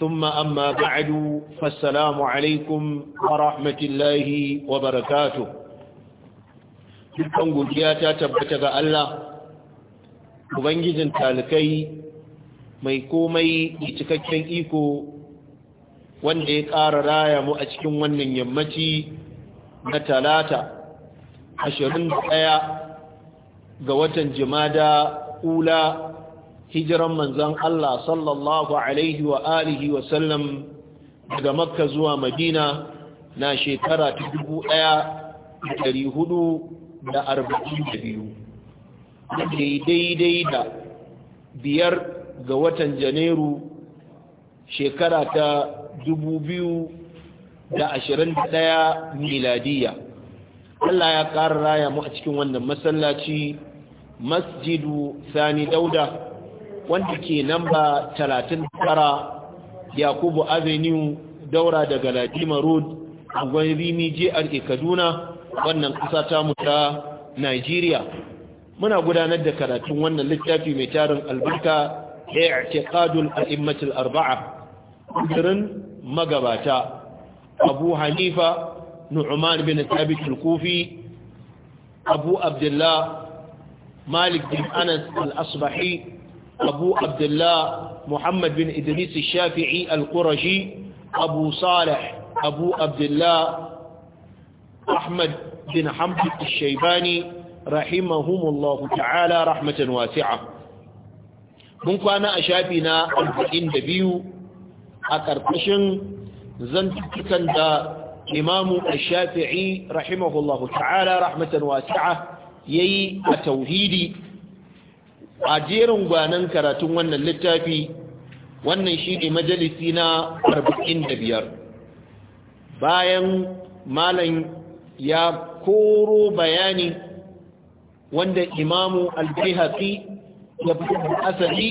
ثم أما بعد فالسلام عليكم ورحمة الله وبركاته dukkan godiya ta tabbata ga Allah ubangijin talikai mai komai da cikakken iko wanda ya ƙara raya mu a cikin wannan yammaci na talata ashirin 21 ga watan jimada ula hijiran manzan Allah sallallahu alaihi wa alihi wa sallam daga makka zuwa madina na shekara ta dubu ɗaya da ɗari hudu da arba'in da biyu daidai da biyar ga watan janairu shekara ta dubu biyu da ashirin da ɗaya miladiya Allah ya ƙara raya mu a cikin wannan masallaci masjidu sani dauda wanda ke namba 39 yakubu avenue daura daga ladima road angon rimi jr kaduna wannan ƙasa ta mu ta nigeria muna gudanar da karatun wannan littafi mai tarin albarka i'tiqadul a'immatul arba'a kudirin magabata abu hanifa nu'man bin thabit kufi abu abdullah malik bin anas al-asbahi أبو عبد الله محمد بن إدريس الشافعي القرشي أبو صالح أبو عبد الله أحمد بن حمد الشيباني رحمهم الله تعالى رحمة واسعة منك أنا أشابنا أبو إندبيو أكاركشن زنتكتن كندا إمام الشافعي رحمه الله تعالى رحمة واسعة يي التوهيدي a jerin gwanan karatun wannan littafi wannan shi ne majalisi na biyar. bayan malam ya koro bayani wanda imamu al-bihaqi ya fi asali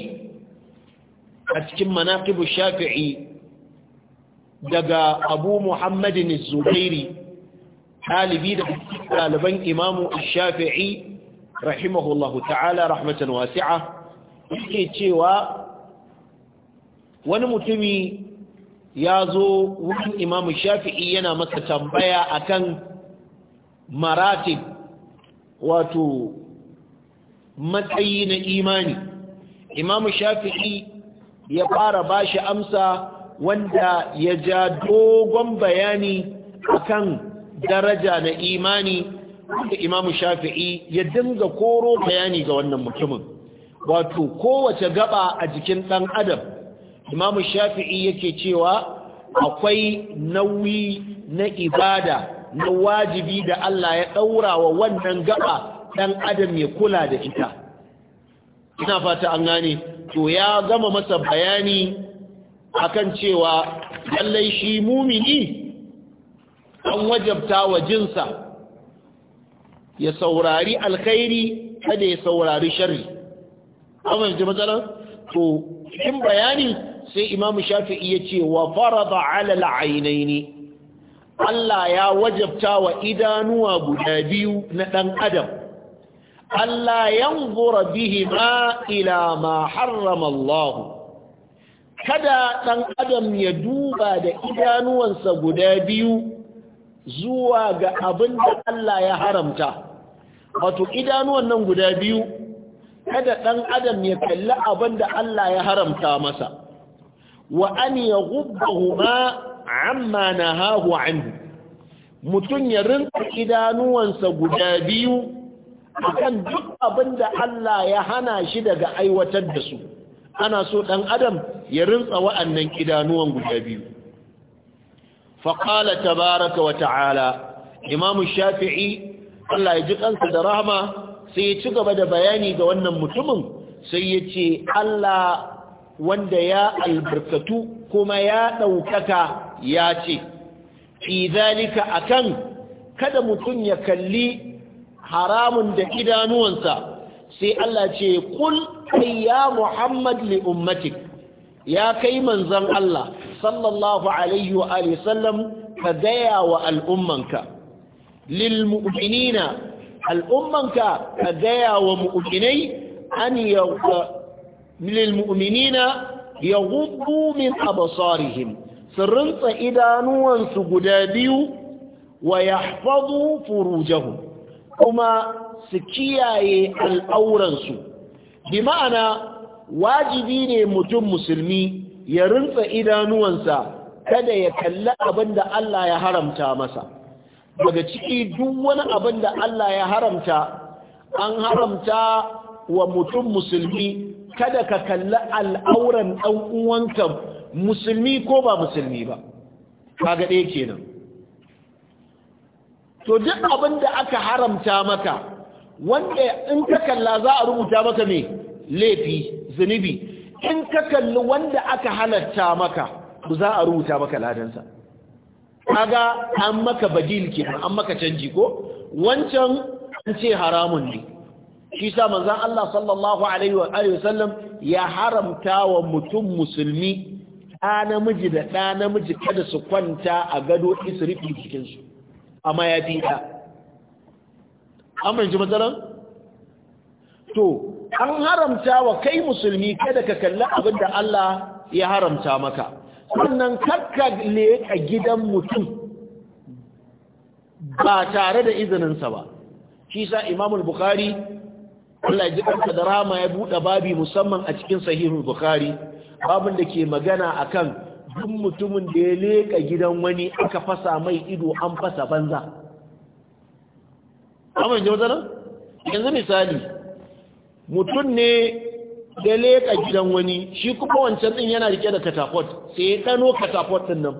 a cikin manakibu shafi'i daga abu muhammadin zubairi ɗalibi da ɗaliban imamu shafi'i rahimahullahu ta'ala rahmatan wasi'a yake cewa wani mutumi ya zo wurin Imam shafi'i yana masa tambaya akan maratib wato matsayi na imani imamu shafi'i ya fara bashi amsa wanda ya ja dogon bayani akan daraja na imani da imamu shafi'i ya dinga koro bayani ga wannan mutumin wato kowace gaba a jikin ɗan adam imamu shafi'i yake cewa akwai nauyi na ibada na wajibi da Allah ya ɗaura wa wannan gaba ɗan adam ya kula da ita ina fata an gane to ya gama masa bayani akan cewa lallai shi mumini an wajabta wa jinsa ya saurari alkhairi kada ya saurari sharri amma ji matsalar to in bayani sai imamu shafi'i ya ce wa farada ala al'ainaini Allah ya wajabta wa idanuwa guda biyu na ɗan adam Allah yanzura bihima ila ma harrama Allah kada ɗan adam ya duba da idanuwansa guda biyu zuwa ga abin da Allah ya haramta wato idanuwan nan guda biyu kada ɗan adam ya kalli abin da Allah ya haramta masa wa an ya huma amma a anhu mutum ya rinka idanuwansa guda biyu kan duk abin da Allah ya hana shi daga aiwatar da su ana so ɗan adam ya rinka wa'annan idanuwan guda biyu faƙala tabaraka wa ta'ala imamu shafi'i Allah ya ji kansa da rahama sai ya ci gaba da bayani ga wannan mutumin sai ya ce Allah wanda ya albarkatu kuma ya ɗaukaka ya ce fi zalika akan kada mutum ya kalli haramun da idanuwansa sai Allah ce kul ya Muhammad li ummatik ya kai manzon Allah sallallahu alaihi wa alihi sallam ka gaya wa al'ummanka lil al'ummanka ka gaya wa mu'minai an yauka lil mu'minina min absarihim idanuwansu guda biyu wa yahfazu furujahum kuma su kiyaye al'auransu bi ma'ana wajibi ne mutum musulmi ya rintsa idanuwansa kada ya kalli abin da Allah ya haramta masa daga ciki duk wani abin da Allah ya haramta an haramta wa mutum musulmi kada ka kalla al'auran ɗan uwanka musulmi ko ba musulmi ba kaga ɗaya kenan to duk abin da aka haramta maka wanda in ka kalla za a rubuta maka ne laifi zunubi in ka kalli wanda aka halatta maka za a rubuta maka ladansa kaga an maka badil kenan an maka canji ko wancan an ce haramun ne shi sa manzon Allah sallallahu alaihi wa alihi wasallam ya haramta wa mutum musulmi ta namiji da ɗa namiji kada su kwanta a gado isrifi cikinsu a mayafi ɗa an fahimci matsalar to an haramta wa kai musulmi kada ka kalli abin da Allah ya haramta maka sannan kakka leƙa gidan mutum ba tare da izininsa ba shi sa imamul bukhari Allah ji da rama ya buɗe babi musamman a cikin sahihu bukhari babin da ke magana akan duk mutumin da ya leka gidan wani aka fasa mai ido an fasa banza amma yanzu misali mutum ne da leka gidan wani shi kuma wancan din yana rike da katafot sai ya ɗano katapot din nan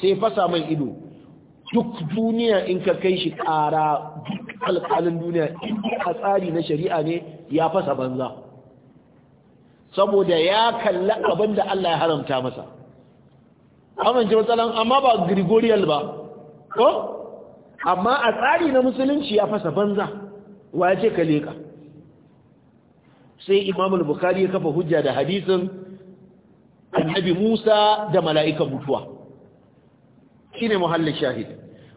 sai fasa mai ido duk duniya in ka kai shi ƙara duk alƙalin duniya in a tsari na shari'a ne ya fasa banza saboda ya kalla abin da Allah ya haramta masa amince matsalan amma ba gregorial ba ko amma a tsari na musulunci ya fasa banza wa ya ce ka leka sai imamul bukhari ya kafa hujja da hadisin annabi musa da mala'ikan mutuwa shine muhallin shahid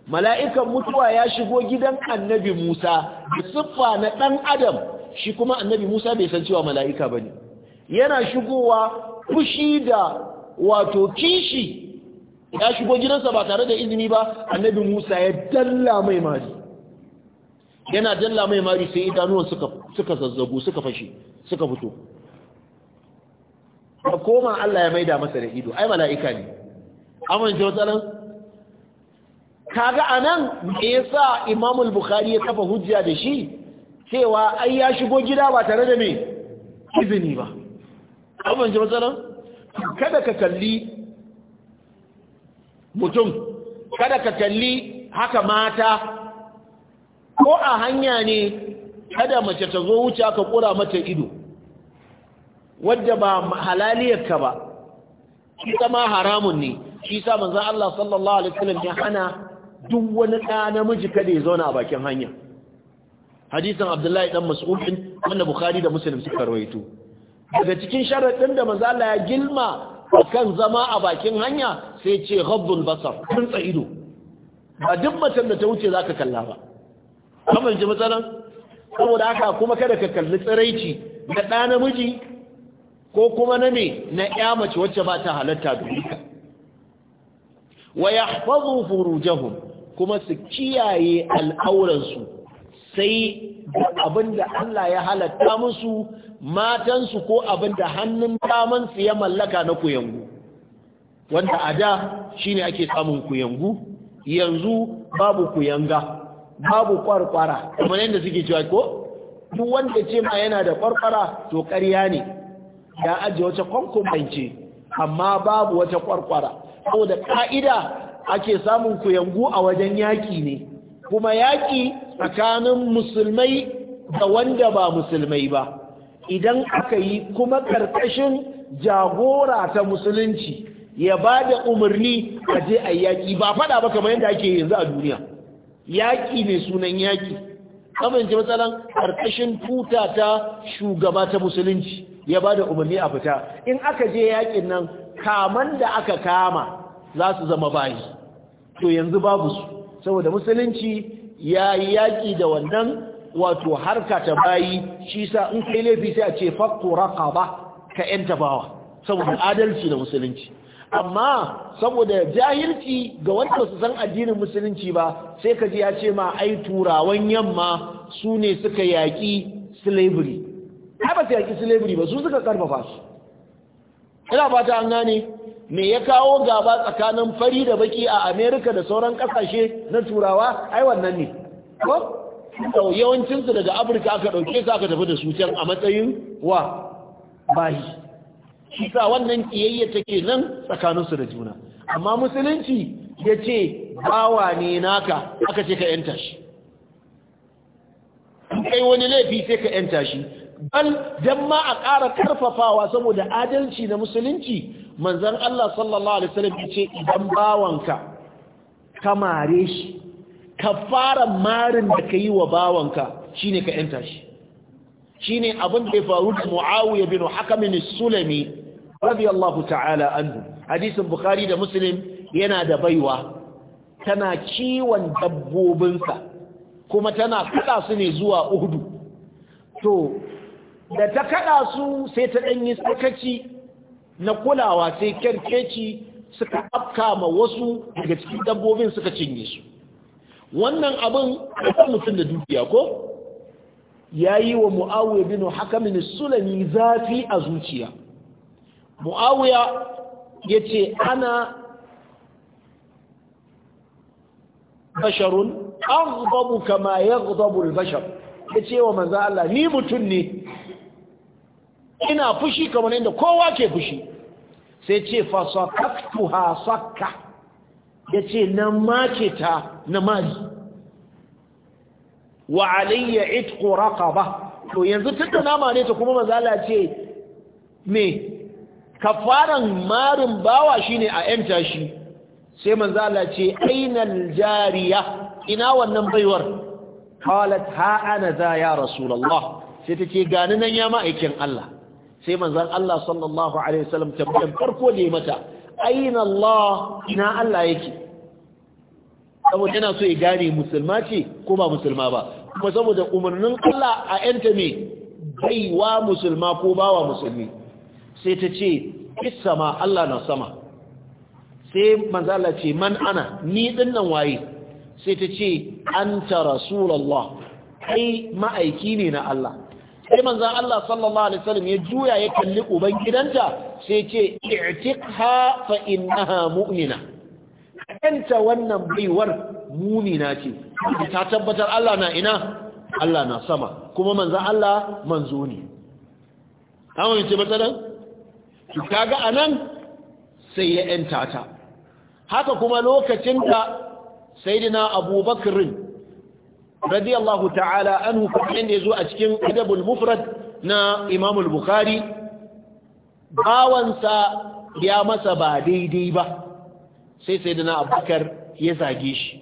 mala'ikan mutuwa ya shigo gidan annabi musa da siffa na ɗan adam shi kuma annabi musa bai san cewa mala'ika ba ne yana shigowa fushi da wato kishi ya shigo gidansa ba tare da izini ba annabi musa ya dalla mai mari yana jalla mai mari sai idanuwan suka zazzagu suka fashe suka fito da koma Allah ya maida masa da ido ai mala'ika ne amince matsalan kaga anan me yasa Imam al-Bukhari ya kafa hujja da shi cewa ai ya shigo gida ba tare da me izini ba amince matsalan kada ka kalli mutum kada ka kalli haka mata ko a hanya ne kada mace ta zo wuce aka kura mata ido wadda ba halaliyarka ba shi ma haramun ne shi sa manzon Allah sallallahu alaihi wasallam ya hana duk wani ɗa namiji kada ya zauna a bakin hanya hadisin Abdullahi dan Mas'ud wanda Bukhari da Muslim suka rawaito daga cikin sharaɗin da manzon Allah ya gilma akan zama a bakin hanya sai ce ghaddul basar kun ido ba duk macen da ta wuce zaka kalla ba kamar ji matsalan saboda haka kuma kada ka kalli tsiraici na ɗa namiji ko kuma na me na ya mace wacce ba ta halatta duka wa yahfazu furujahum kuma su kiyaye al'auransu sai abinda Allah ya halatta musu matansu ko abinda hannun damansu ya mallaka na kuyangu wanda a da shine ake samun kuyangu yanzu babu kuyanga babu kwarkwara kamar yadda suke cewa ko duk wanda ce ma yana da kwarkwara to ƙarya ne ya ajiye wata kwankwamance amma babu wata kwarkwara Ko da ka'ida ake samun kuyangu a wajen yaƙi ne kuma yaƙi tsakanin musulmai da wanda ba musulmai ba idan aka yi kuma ƙarƙashin jagora ta musulunci ya ba da umarni a je a yaƙi ba faɗa ba kamar yadda ake yanzu a duniya yaƙi ne sunan yaƙi amince matsalan ƙarƙashin tuta ta shugaba ta musulunci ya ba da umarni a fita in aka je yaƙin nan kaman da aka kama za su zama bayi to yanzu babu su saboda musulunci ya yi yaƙi da wannan wato harka ta bayi shi sa in kai laifi sai a ce fakko raka ba ka ‘yan tabawa saboda adalci da musulunci amma saboda jahilci ga wanda ba su san addinin musulunci ba sai ka ji ya ce ma ai turawan yamma su ne suka yaƙi slavery ai ba su yaƙi slavery ba su suka karfafa su ina fata an ne? me ya kawo gaba tsakanin fari da baki a america da sauran ƙasashe na turawa ai wannan ne ko su daga afirka aka ɗauke su aka tafi da su can a matsayin wa Bahi. shi sa wannan kiyayya take nan tsakaninsu da juna amma musulunci ya ce bawa ne naka aka ce ka yanta shi kai wani laifi sai ka yanta shi bal dan ma a ƙara karfafawa saboda adalci na musulunci manzon Allah sallallahu alaihi ce idan bawanka ka mare shi ka fara marin da ka yi wa bawanka shine ka yanta shi shine abin da ya faru da Muawiya bin Hakamin Sulami radiyallahu ta'ala anhu hadisin bukhari da muslim yana da baiwa tana kiwon dabbobinsa kuma tana kada su ne zuwa uhudu to da ta kada su sai ta danyi sakaci na kulawa sai kerkeci suka afka ma wasu daga cikin dabbobin suka cinye su wannan abin akwai mutum da dukiya ko ya yi wa mu'awiyar bin hakamin sulami zafi a zuciya mu'awiya ya ce ana basharun an zubabu kama ya zubabu albashar ya ce wa manza Allah ni mutum ne ina fushi kamar inda kowa ke fushi sai ce fasakaktu ha sakka ya ce na make ta na mari wa alayya itqu ba to yanzu tunda nama ne ta kuma manza Allah ce me kafaran marin bawa shine a yanta shi sai manzo Allah ce ainal jariya ina wannan baiwar qalat ha ana za ya rasulullah sai tace gani nan ya ma'aikin Allah sai manzon Allah sallallahu alaihi wasallam tambayan farko ne mata aina Allah ina Allah yake saboda yana so ya gane musulma ce ko ba musulma ba kuma saboda umarnin Allah a yanta me baiwa musulma ko bawa musulmi sai ta ce ma Allah na sama sai manzala ce man ana ni din nan waye sai ta ce anta rasulullah kai ma'aiki ne na Allah sai manzan Allah sallallahu alaihi wasallam ya juya ya kalli uban gidanta sai ce i'tiqha fa innaha mu'mina kanta wannan baiwar mu'mina ce ta tabbatar Allah na ina Allah na sama kuma manzan Allah manzo ne an wuce matsalan to kaga anan sai ya yanta ta haka kuma lokacin da sayyidina abubakar radiyallahu ta'ala an kuma da yazo a cikin adabul mufrad na Imamul bukhari bawansa ya masa ba daidai ba sai sayyidina abubakar ya zage shi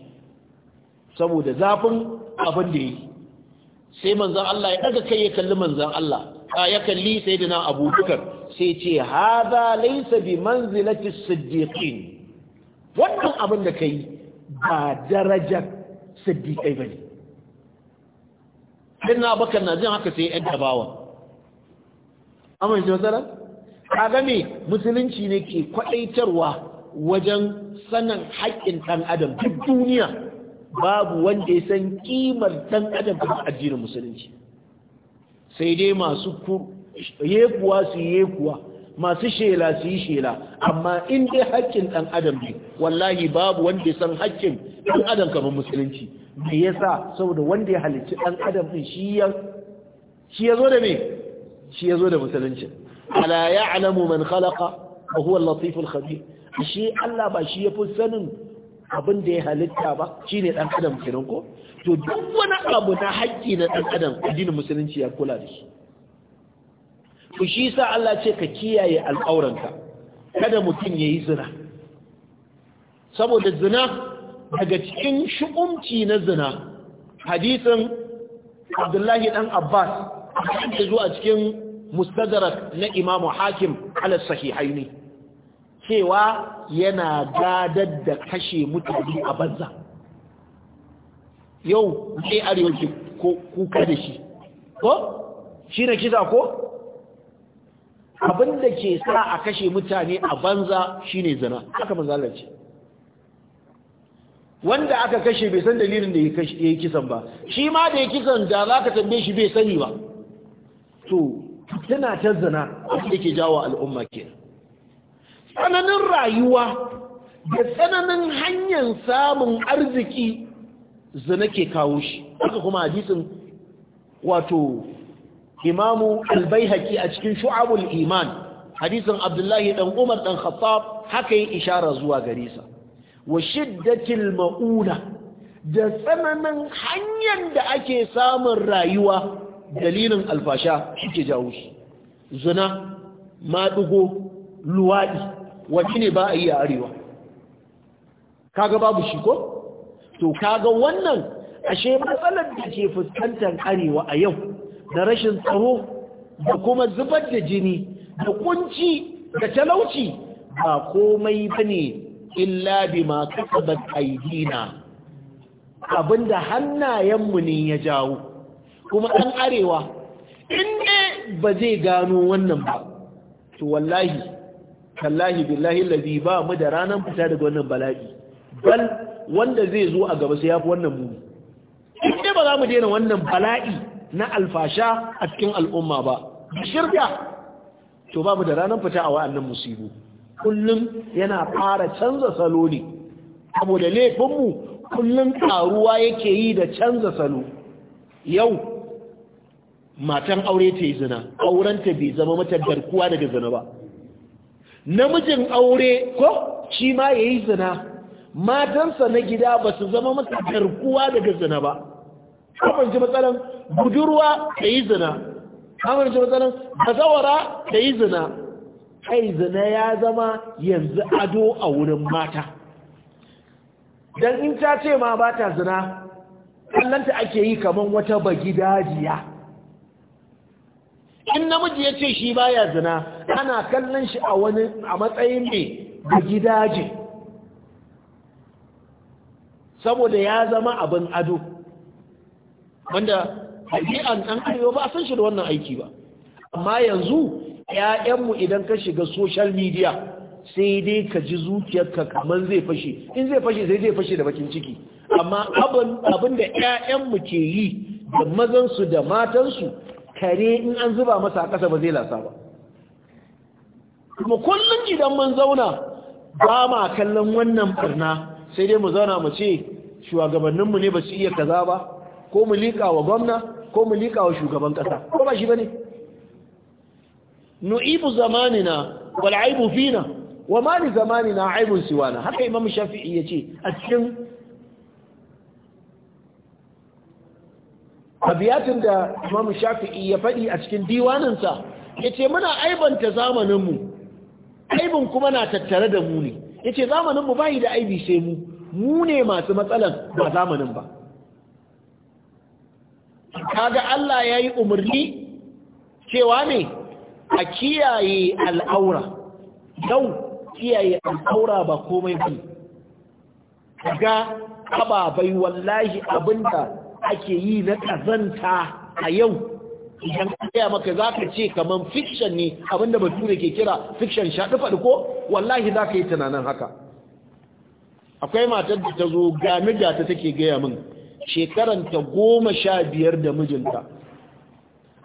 saboda zafin abin da yi sai manzan Allah ya daga kai ya kalli manzan Allah ya kalli sayyidina abubakar sai ce haza laisa bi manzilati siddiqin wannan abin da kai ba darajar siddiqai bane din na bakar na jin haka sai 'yan bawa amma ji wasara kaga me musulunci ne ke kwadaitarwa wajen sanin haƙƙin ɗan adam duk duniya babu wanda ya san ƙimar ɗan adam a addinin musulunci sai dai masu yekuwa su yekuwa masu shela su yi shela amma in dai haƙƙin ɗan adam ne wallahi babu wanda ya san haƙƙin ɗan adam kamar musulunci me yasa saboda wanda ya halicci ɗan adam ɗin shi ya zo da me shi ya da musulunci ala ya'lamu man khalaqa wa huwa al-latif khabir shi Allah ba shi ya fi sanin abin da ya halitta ba shine ɗan adam kenan ko to duk wani abu na haƙƙi na ɗan adam addinin musulunci ya kula da shi to shi sa Allah ce ka kiyaye al'auranka kada mutum ya yi zina saboda zina daga cikin shi'umci na zina hadisin abdullahi ɗan abbas da zuwa cikin mustadrak na imamu hakim ala ne cewa yana gadar da kashe mutane a banza yau sai arewa ke kuka da shi ko shi na kisa ko abin da ke sa a kashe mutane a banza shine zina haka manzala ce wanda aka kashe bai san dalilin da ya yi kisan ba shi ma da ya kisan da za ka tambaye shi bai sani ba to tana ta zina da ke jawo al'umma ke tsananin rayuwa da tsananin hanyar samun arziki zina ke kawo shi haka kuma hadisin wato imamu albaihaki a cikin shu'abul iman hadisin abdullahi Ɗan umar Ɗan khattab haka yi ishara zuwa gare sa ma'una da tsananin hanyar da ake samun rayuwa dalilin alfasha shike jawo shi zina maɗugo luwaɗi, wacce ne ba a yi a arewa kaga babu shi ko to kaga wannan ashe matsalar da ke fuskantar arewa a yau da rashin tsaro da kuma zubar da jini da kunci da talauci ba komai ba ne illa bima kasabat aidina abinda hannayenmu ne ya jawo kuma ɗan arewa inda ba zai gano wannan ba to wallahi kallahi billahi lazi ba mu da ranar fita daga wannan bala'i bal wanda zai zo a gaba sai fi wannan muni inda ba za mu daina wannan bala'i na alfasha a cikin al'umma ba da shirya? to babu da ranar fita a wa'annan musibu kullum yana fara canza salo ne saboda laifinmu kullum karuwa yake yi da canza salo yau matan aure ta yi zina aurenta bai zama mata garkuwa daga zina ba namijin aure ko shi ma ya yi zina matansa na gida ba su zama mata garkuwa daga zina ba kamar ji matsalan budurwa ta yi zina amurci matsalan kazawara ta yi zina kai zina ya zama yanzu ado a wurin mata don in ta ce ma ba ta zina kallanta ake yi kamar wata bagidajiya in namiji ya ce shi baya zina ana kallon shi a wani a matsayin mai gidaje. saboda ya zama abin ado wanda ɗabi'an an arewa ba a san shi da wannan aiki ba amma yanzu ‘ya'yanmu idan ka shiga social media sai dai ka ji zuciyarka kamar zai fashe in zai fashe sai zai fashe da bakin ciki amma abin da ‘ya'yanmu ke yi da mazan su da matan su, kare in an zuba masa a ƙasa ba zai lasa ba kuma kullun idan mun zauna ba ma kallon wannan barna sai dai mu zauna mu ce shugabanninmu ne ba su iya kaza ba ko mu liƙa wa gwamna ko mu liƙa wa shugaban ƙasa ko ba shi ba ne nu'ibu zamanina wal aibu fina wa ma li zamanina aibun siwana haka imam shafi'i ce a cikin abiyatin da imam shafi'i ya faɗi a cikin diwaninsa yace muna aibanta zamaninmu aibin kuma na tattare da mu ne yace zamaninmu yi da aibi sai mu mu ne masu matsalan ba zamanin ba kaga Allah ya yi umarni cewa ne a kiyaye al'aura yau kiyaye al'aura ba komai ba ga ababai wallahi abinda ake yi na kazanta a yau idan kaya maka za ka ce kamar fiction ne abinda bature ke kira fiction shaɗi faɗi ko wallahi za ka yi tunanin haka akwai matar da ta zo gami gata take gaya min shekaranta goma sha biyar da mijinta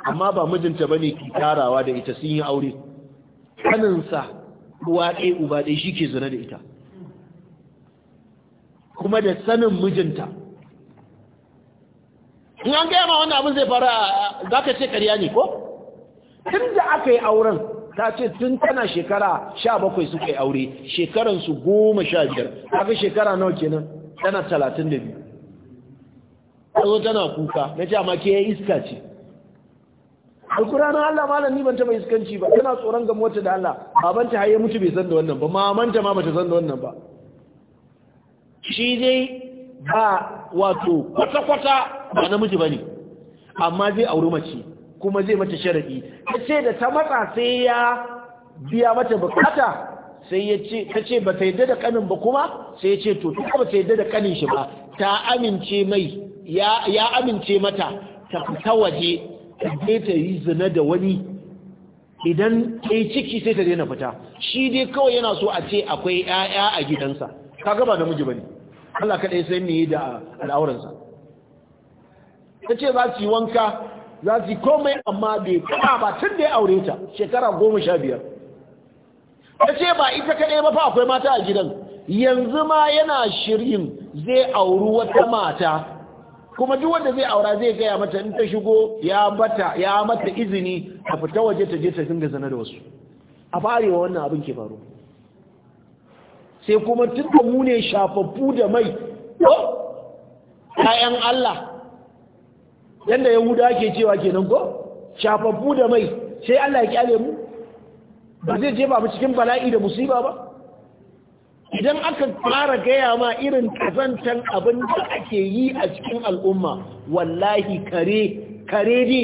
amma ba mijinta ba ne ke tarawa da ita sun yi aure kaninsa ruwa ɗaya uba ɗaya shi ke zina da ita kuma da sanin mijinta in an gaya ma wannan abin zai fara za ka ce karya ne ko? tun da aka yi auren ta ce tun tana shekara sha bakwai suka yi aure shekaransu goma sha biyar aka shekara nawa kenan tana talatin da biyu ta tana kuka na ce amma ke iska ce alkurana Allah malam ni ban taba iskanci ba tana tsoron ga mota da Allah babanta ta ya mutu bai san da wannan ba mamanta ma bata san da wannan ba shi dai ba wato kwata kwata ba namiji bane amma zai auri mace kuma zai mata sharadi sai da ta matsa sai ya biya mata bukata sai ya ce ta ce ba ta yadda da kanin ba kuma sai ya ce to ta ba ta yadda da kanin shi ba ta amince mai ya amince mata ta fita waje ta je ta yi zina da wani idan ta yi ciki sai ta daina fita shi dai kawai yana so a ce akwai 'ya'ya a gidansa kaga ba namiji bane Allah kaɗai sai ne da al'auransa ta ce za su yi wanka za su yi komai amma bai taɓa ba tun da ya aure ta shekara goma sha biyar ta ce ba ita kaɗai ba fa akwai mata a gidan yanzu ma yana shirin zai auri wata mata kuma duk wanda zai aura zai gaya mata in ta shigo ya bata ya mata izini a fita waje ta je ta dinga zana da wasu a farewa wannan abin ke faru sai kuma tun da mu ne shafaffu da mai ƴaƴan Allah yanda Yahuda ke cewa kenan ko shafaffu da mai sai Allah ya kyale mu ba zai je mu cikin bala'i da musiba ba idan aka fara gaya ma irin kazantan abin da ake yi a cikin al'umma wallahi kare kare ne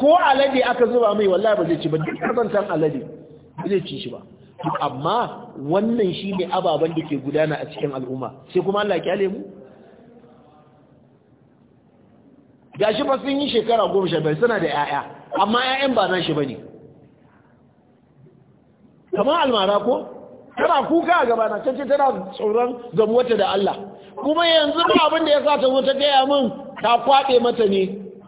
ko alade aka zuba mai wallahi ba zai ci ba duk kazantan alade ba zai ci shi ba amma wannan shi ne ababen da ke gudana a cikin al'umma sai kuma Allah kyale mu gashi ba sun yi shekara goma sha biyar suna da 'ya'ya amma 'ya'yan ba na shi ba ne kamar almara ko tana kuka a gaba na tace tana tsoron gamuwata da Allah kuma yanzu abin da ya sa ta zo ta gaya min ta kwaɗe mata ne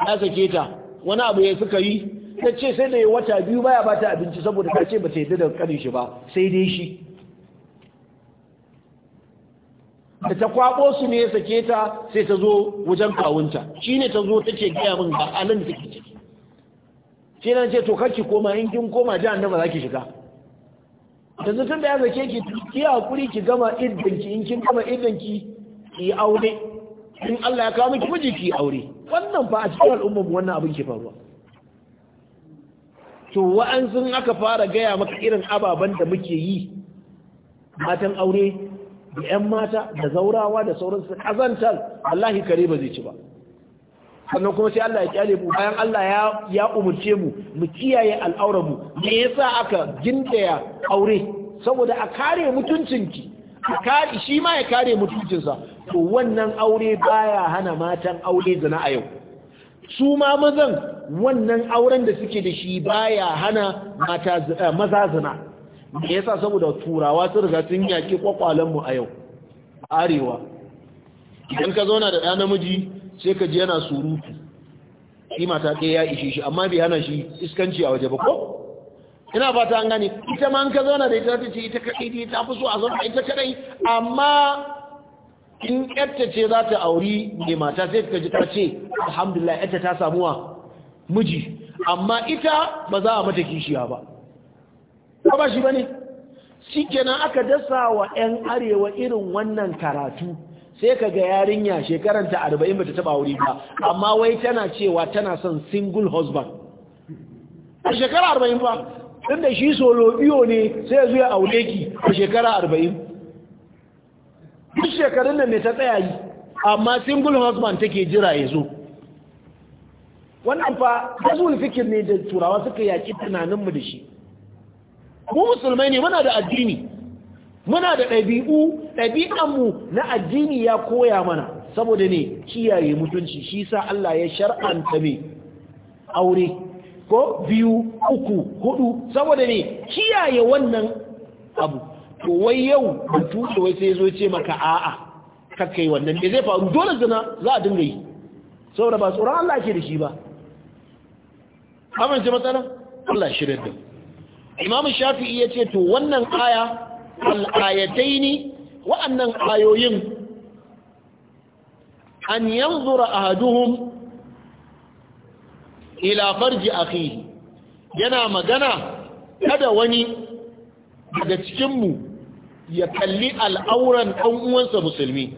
ya sake ta wani abu ya suka yi ta ce sai da ya wata biyu baya ba ta abinci saboda ta ce ba ta yi da kanin shi ba sai dai shi da ta kwaɓo su ne ya sake ta sai ta zo wajen kawunta shi ne ta zo ta ce gaya min ga alin da take ciki shi na ce to kanki koma in kin koma jihar da ba za ki shiga yanzu tun da ya zake ki ki hakuri ki gama iddan ki in kin gama iddan ki ki aure in Allah ya kawo miki miji ki aure wannan fa a cikin al'umma al'ummar wannan abin ke faruwa to sun aka fara gaya maka irin ababen da muke yi matan aure da 'yan mata da zaurawa da sauransu kazantar wallahi kare ba zai ci ba sannan kuma sai Allah ya kyale mu bayan Allah ya ya umurce mu mu kiyaye al'aurar mu me yasa aka gindaya aure saboda a kare mutuncinki shi ma ya kare mutuncinsa to wannan aure baya hana matan aure zina a yau su ma mazan wannan auren da suke da shi baya hana eh, maza zina me yasa saboda turawa sun riga sun yaki mu a yau arewa idan ka zauna da ɗa namiji sai ka ji yana surutu shi mata ɗaya ya ishe shi amma bai hana shi iskanci a waje ba ko ina ba ta an gani ita ma ka zauna da ita ta ce ita kaɗai ta fi so a zauna ita kaɗai amma in yadda ce za ta auri ne, mata sai ka ji ta ce alhamdulillah yadda ta samuwa miji amma ita ba za a mata kishiya ba ba ba shi ba ne shi kenan aka dasa wa 'yan arewa irin wannan karatu sai ka ga yarinya shekaranta arba'in bata bata taba wuri ba amma wai tana cewa tana son single husband a shekara arba'in ba tun da shi solobiyo ne sai zuwa aure ki a shekara arba'in duk shekarun nan ne ta tsaya amma single husband take jira ya zo wannan fa tazul fikir ne da turawa suka yaki tunaninmu da shi mu musulmai ne muna da addini muna da ɗabi'u ɗabi'anmu na addini ya koya mana saboda ne kiyaye mutunci shi sa Allah ya shar'anta mai aure ko biyu uku hudu saboda ne kiyaye wannan abu to wai yau tuce wai sai zo ce maka a'a kakai wannan da zai faru dole zina za a dinga yi saboda ba tsoron Allah ke da shi ba amince matsala Allah shirin da Imam Shafi'i ya ce to wannan aya al-ayataini wa'annan ayoyin an yanzura ahaduhum ila farji akhihi yana magana kada wani daga cikinmu ya kalli al'auran ɗan uwansa musulmi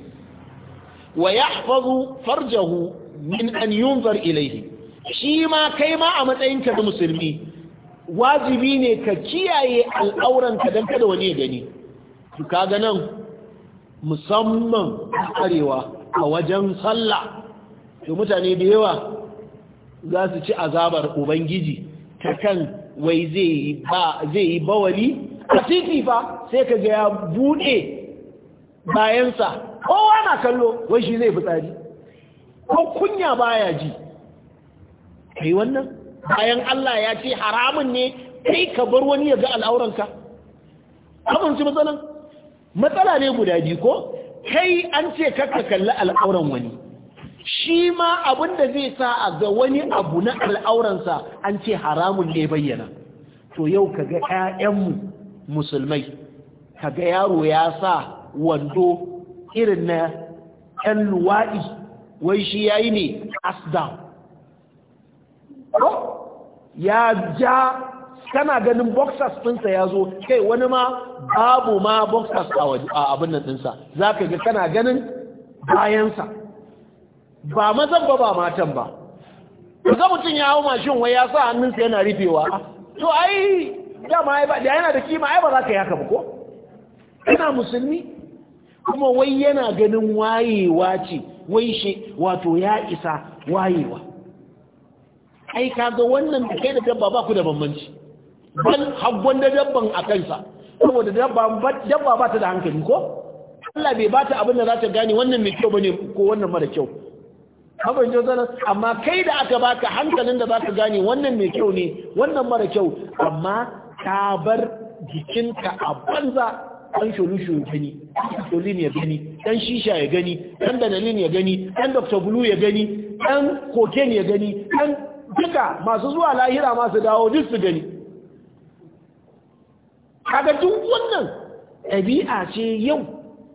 wa faru farjahu min an yunzar ilaihi shi ma kai ma a matsayinka da musulmi wajibi ne ka kiyaye al'auranka don kada wani ya gani kaga nan musamman arewa a wajen sallah to mutane da yawa za su ci azabar ubangiji ta kan wai zai yi bawali a titi fa sai ka ga ya buɗe bayansa kowa na kallo wai shi zai fitsari ko kunya baya ji kai wannan bayan Allah ya ce haramun ne kai ka bar wani ya ga al'auranka abinci matsalan matsala ne guda biyu ko kai an ce kakka kalli al'auran wani shi ma abin da zai sa a ga wani abu na al'auransa an ce haramun ne bayyana to yau ka ga 'ya'yanmu musulmai ka ga yaro ya sa wando irin na 'yan luwaɗi wai shi ya yi ne asdown ya ja kana ganin boxers ɗinsa ya zo kai wani ma babu ma boxers a abin nan ɗinsa za ka ga kana ganin bayansa ba mazan ba ba matan ba ga mutum ya hau mashin wai ya sa hannunsa yana rufewa to ai dama ai ba da yana da kima ai ba za ka yi ba ko Ina musulmi kuma wai yana ganin wayewa ce wai shi wato ya isa wayewa ai ka ga wannan da kai da dabba ba ku da bambanci ban haggon da dabban a kansa saboda dabba ba ta da hankali ko Allah bai ba ta abin da za ta gane wannan mai kyau ba ne ko wannan mara kyau abin jozana amma kai da aka baka hankalin da ka gane wannan mai kyau ne wannan mara kyau amma ka bar jikinka a banza ɗan sholushu ya gani ɗan ya gani ɗan shisha ya gani ɗan danalin ya gani ɗan dr blue ya gani ɗan koken ya gani ɗan duka masu zuwa lahira masu dawo duk su gani kaga duk wannan ɗabi'a ce yau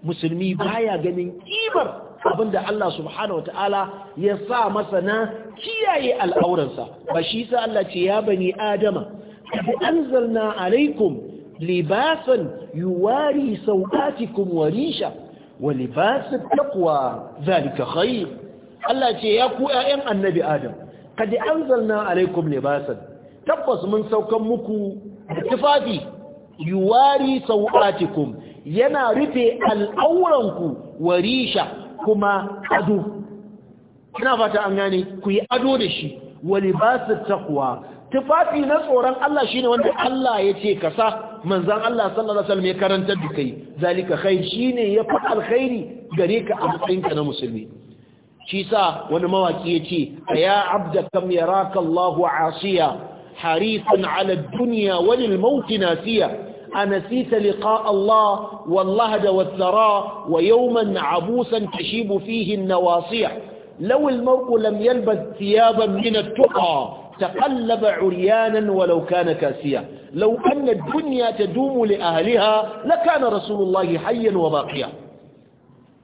musulmi baya ganin ƙibar abinda Allah subhanahu wataala ya sa masa na kiyaye al'auransa ba shi sa Allah ce ya bani adama bi anzalna alaikum libasan wa zalika Allah ce ya ku annabi adam kad alaikum libasan tabbas mun saukan muku tufafi yuwari yana rufe al'auranku wa kuma ado ina fata an gane ku yi ado da shi wa libasu taqwa tufafi na tsoron Allah shine wanda Allah ya ce ka sa manzon Allah sallallahu alaihi wasallam ya karantar da kai zalika khair shine ya fi alkhairi gare ka a ka na musulmi shi sa wani mawaki ya ce ya abda kam yaraka Allahu asiya harisan ala dunya walil mauti nasiya أنسيت لقاء الله واللهد والثراء ويوما عبوسا تشيب فيه النواصيع لو المرء لم يلبس ثيابا من التقى تقلب عريانا ولو كان كاسيا لو أن الدنيا تدوم لأهلها لكان رسول الله حيا وباقيا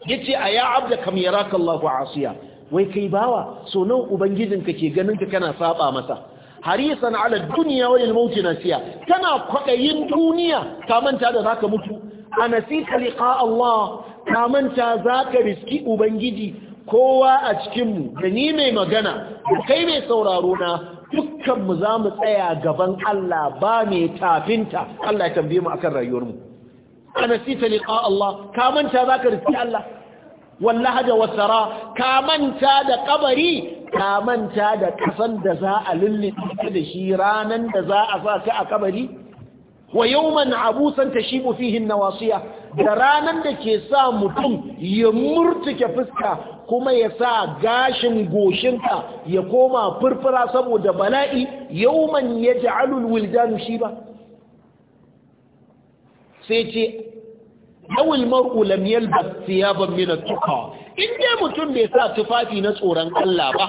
yace a ya abda kam yaraka Allahu asiya wai kai bawa so nan ubangijinka ke ganin ka kana saba masa harisan ala duniya wa lil mauti nasiya kana kwadayin duniya ka manta da zaka mutu anasita liqa Allah ka manta zaka riski ubangiji kowa a cikin mu da ni mai magana kai mai sauraro na dukkan mu zamu tsaya gaban Allah ba mai tafinta Allah ya tambaye mu akan rayuwar mu anasita liqa Allah ka manta zaka riski Allah wallaha da wasara ka manta da kabari ka manta da kasan da za a lullube da shi ranan da za a sa a kabari wa yawman abusan tashibu fihi nawasiya da ranan da ke sa mutum ya murtuke fuska kuma ya sa gashin goshinka ya koma furfura saboda bala'i yawman ya alwildanu shiba sai ce awil mar'u lam yalbas thiyaban min at in dai mutum bai sa tufafi na tsoron Allah ba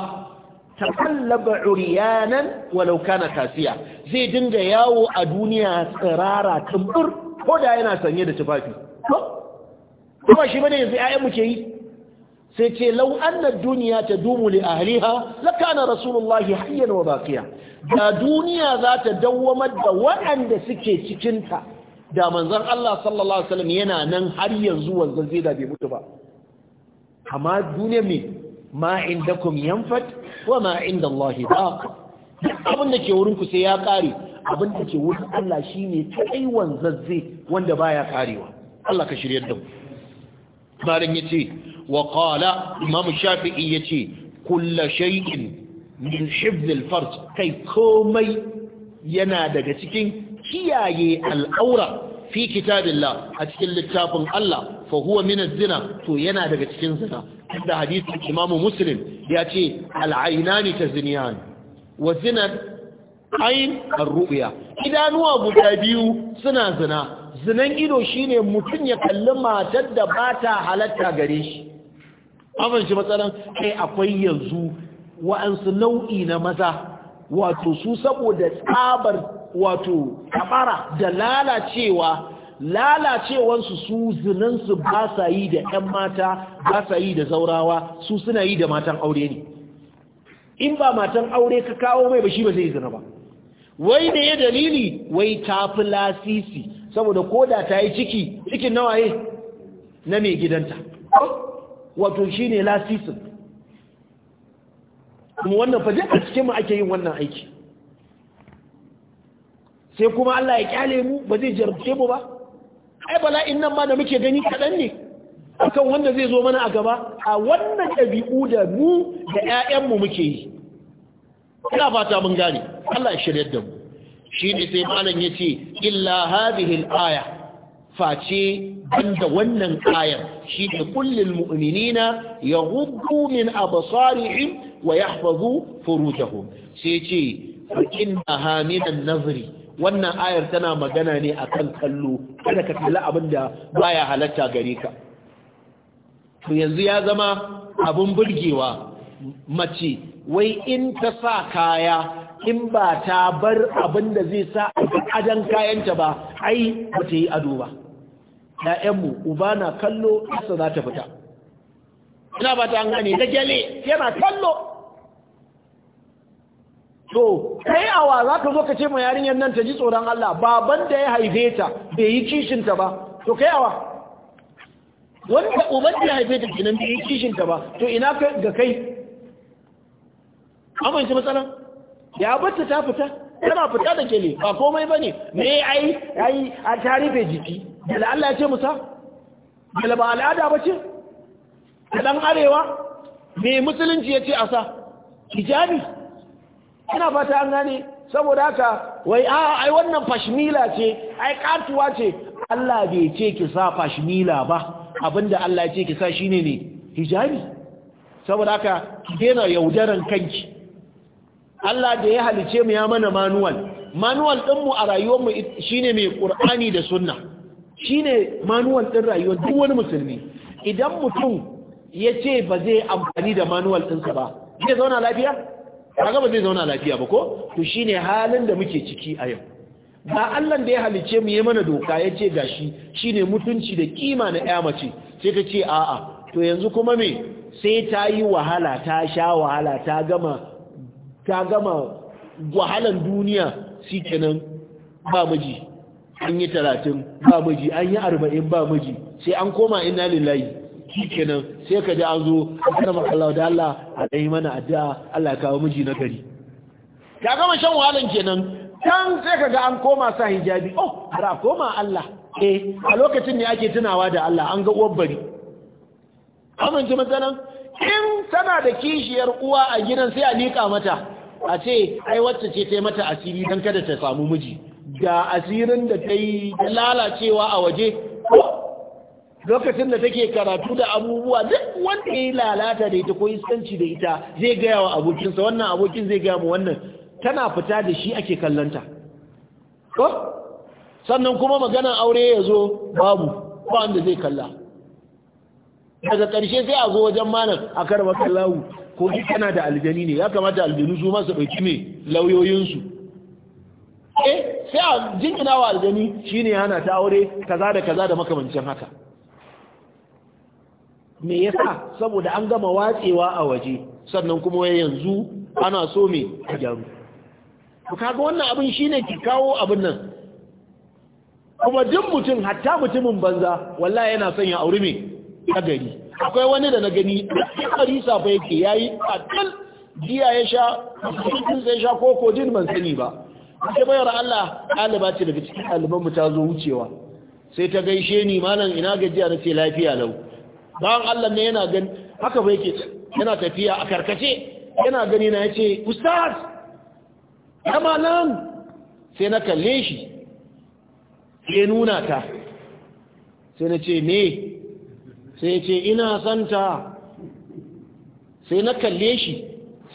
takallaba uriyanan walau kana kasiya zai dinga yawo a duniya tsirara tumbur ko da yana sanye da tufafi ko ba shi bane yanzu ayyan muke yi sai ce lau duniya ta dumu li ahliha lakana rasulullahi hayyan wa baqiya da duniya za ta dawwamar da waɗanda suke cikinta da manzon Allah sallallahu alaihi wasallam yana nan har yanzu wanzan zai da bai mutu ba Amma duniya mai ma inda kum yanfat wa ma inda Allah baq abin da ke wurin ku sai ya kare abin da ke wurin Allah shine kai wanzazze wanda baya karewa Allah ka shirya da mu malam yace wa qala imam shafi'i yace kulla shay'in min hifz farj kai komai yana daga cikin kiyaye al'aura fi kitabillah a cikin littafin Allah fa huwa min az-zina to yana daga cikin zina da hadisi Imam Muslim ya ce al-aynani tazniyan wa zina ayn ar-ru'ya idanuwa guda biyu suna zina zinan ido shine mutun ya kalli matar da bata halatta gare shi amma shi matsalan kai akwai yanzu wa'ansu nau'i na maza wato su saboda tsabar wato kabara da lalacewa lalacewansu su zininsu ba sa yi da 'yan mata ba sa yi da zaurawa su suna yi da matan aure ne in ba matan aure ka kawo mai ba shi ba zai zina ba wai da ya dalili wai ta fi lasisi saboda koda ta yi ciki cikin nawaye na mai gidanta wato shi ne lasisin kuma wannan fajin a ma ake yin wannan aiki sai kuma Allah ya kyale mu ba zai jarabce mu ba ai bala'in nan ma da muke gani kaɗan ne akan wanda zai zo mana a gaba a wannan ɗabi'u da mu da 'ya'yanmu muke yi ina fata mun gane Allah ya shirya da mu shi ne sai malam ya ce illa hadhihi al-aya face banda wannan ayar shi ne kullil mu'minina yaghuddu min absarihim wa yahfazu furujahum sai ce fa inna haminan nazri wannan ayar tana magana ne a kan kallo kada ka kalli abin da ya halatta gare ka to yanzu ya zama abin burgewa mace wai in ta sa kaya in ba ta bar abin da zai sa adon kayanta ba ai ba yi ado ba ‘ya'yanmu uba na kallo asa za ta fita ina ba ta an gane da gyale yana kallo to kai a wa za ka zo ka ce ma yarinyar nan ta ji tsoron Allah baban da ya haife ta bai yi kishinta ba to kai awa wanda uban da ya haife ta kinan bai yi kishinta ba to ina ga kai amince matsalan ya bata ta fita tana fita da kele ba komai ba ne. me ai ai a tarife jiki da Allah ya ce musa da ba al'ada ba ce? dan arewa me musulunci ya ce a sa hijabi ina fata an gane saboda haka wai a ai wannan fashmila ce ai katuwa ce Allah bai ce ki sa fashmila ba abinda Allah ya ce ki sa shine ne hijabi saboda haka ki daina yaudaran kanki Allah da ya halice mu ya mana manual manual din mu a rayuwar mu shine mai Qur'ani da Sunna shine manual din rayuwar duk wani musulmi idan mutum ya ce ba zai amfani da manual ɗinsa ba zai zauna lafiya kaga ba zai zauna lafiya ba ko to shine halin da muke ciki a yau ba Allah da ya halice mu yi mana doka yace ce gashi shine mutunci da kima na ƴa mace sai ka ce a'a to yanzu kuma me sai ta yi wahala ta sha wahala ta gama ta gama wahalan duniya kenan ba miji an yi talatin ba miji an yi arba'in ba miji sai an koma inna lillahi kenan sai ka ji an zo kana Allah da Allah a dai mana addu'a Allah ya kawo miji na gari ka gama shan wahalan kenan Kan sai ka ga an koma sa hijabi oh ra koma Allah eh a lokacin ne ake tunawa da Allah an ga uwar bari amince matsalan in tana da kishiyar uwa a gidan sai a liƙa mata a ce ai wacce ce ta mata asiri dan kada ta samu miji da asirin da ta yi lalacewa a waje oh, lokacin da take karatu da abubuwa duk wanda ya lalata da ita ko iskanci da ita zai gaya wa abokinsa wannan abokin zai gaya mu wannan tana fita da shi ake kallanta ko sannan kuma maganar aure ya zo babu ba wanda zai kalla daga ƙarshe sai a zo wajen malam a karba kallahu ko shi tana da aljani ne ya kamata aljanu su masu ɗauki ne lauyoyinsu eh sai a jinkina wa aljani shine hana ta aure kaza da kaza da makamancin haka me yasa saboda an gama watsewa a waje sannan kuma yanzu ana so me a gyaru to kaga wannan abin shine ki kawo abin nan kuma duk mutum hatta mutumin banza wallahi yana son ya aure me a gari akwai wani da na gani kari safa yake yayi akal jiya ya sha cikin sai sha koko din ban sani ba sai bayar Allah ɗaliba ce daga cikin ɗaliban mu ta zo wucewa sai ta gaishe ni malam ina gajiya na ce lafiya lau bayan Allah ne yana gani haka ba yake yana tafiya a karkace yana gani na yace ustaz ya malam sai na kalle shi ya nuna ta sai na ce me sai ce ina santa sai na kalle shi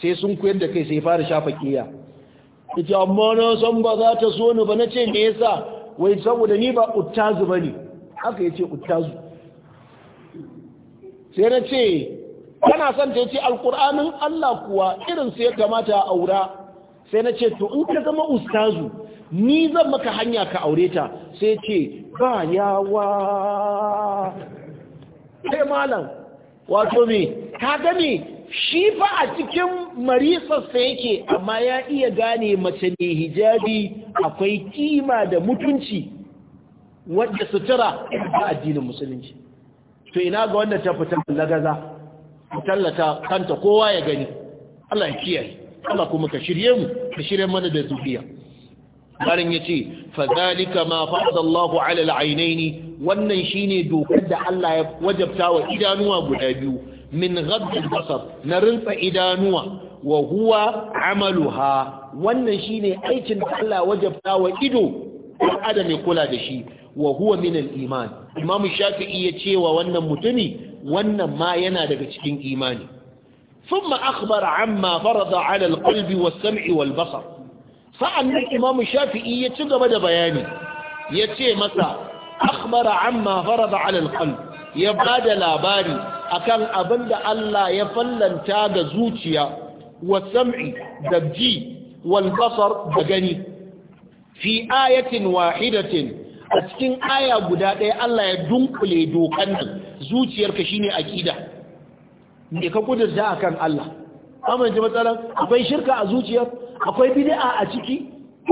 sai sun koyar da kai sai fara shafa kiya ita amma na san ba za ta so ni ba na ce me yasa wai saboda ni ba uttazu bane haka yace uttazu sai na ce kana son ta ce alkur'anin Allah kuwa irin sai ya kamata a aura sai na ce to in ka zama ustazu ni zan maka hanya ka aure ta sai ce ba yawa sai malam wato me ka gane shi fa a cikin marisarsa yake amma ya iya gane mace ne hijabi akwai kima da mutunci wadda sutura a addinin musulunci to ina ga wanda ta fita lagaza ta tallata kanta kowa ya gani Allah ya kiyaye Allah kuma ka shirye mu ka shirye mana da zuriya barin yace fa zalika ma fa'ada Allahu 'ala al-'aynaini wannan shine dokar da Allah ya wajabta wa idanuwa guda biyu min ghadd al-basar na rinsa idanuwa wa huwa 'amaluha wannan shine aikin da Allah wajabta wa ido adam ya kula da shi Wahuwa huwa min al-iman imam shafi'i ya ce wannan mutumi wannan ma yana daga cikin imani thumma akhbara amma farada ala al-qalbi was-sam'i wal-basar sa'annan imam shafi'i ya ci gaba da bayani ya ce masa akhbara amma farada ala al-qalb ya bada labari akan abinda Allah ya fallanta ga zuciya was-sam'i da ji wal-basar da gani fi ayatin wahidatin a cikin aya guda ɗaya Allah ya dunkule dokan nan zuciyarka shine akida me ka da akan Allah amma ji matsalan akwai shirka a zuciyar akwai bid'a a ciki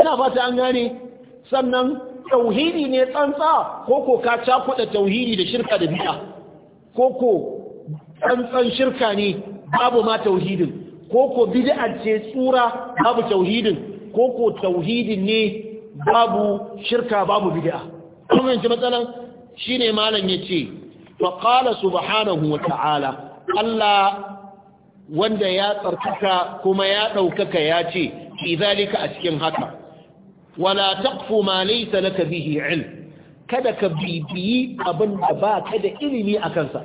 ina fata an gane sannan tauhidi ne tsantsa koko ka cakuɗa tauhidi da shirka da bid'a koko tsantsan shirka ne babu ma tauhidin koko bid'a ce tsura babu tauhidin koko tauhidin ne babu shirka babu bid'a kuma yanzu matsalan shine malam yace fa qala subhanahu wa ta'ala Allah wanda ya tsarkaka kuma ya daukaka ya ce fi a cikin haka wala taqfu ma laysa laka bihi ilm kada ka bibiyi abin ba ka da ilimi a kansa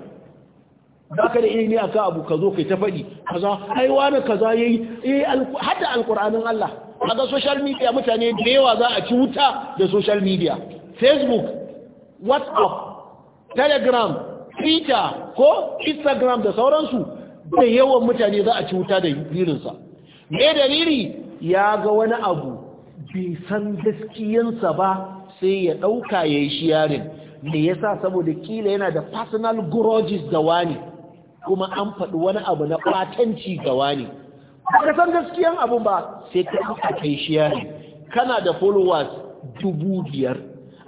ba ka da ilimi a ka abu ka zo kai ta faɗi kaza ai wani kaza yayi eh hada alqur'anin Allah ga social media mutane da yawa za a ci wuta da social media facebook whatsapp telegram twitter ko instagram da sauransu da yawan mutane za a ci wuta da birinsa me dalili ya ga wani abu bai san gaskiyansa ba sai ya ɗauka ya yi shiyarin me sa saboda kila yana da personal grudges da wani kuma an faɗi wani abu na ɓatanci ga wani ka san gaskiyan abu ba sai ka ɗauka kai kana da followers dubu biyar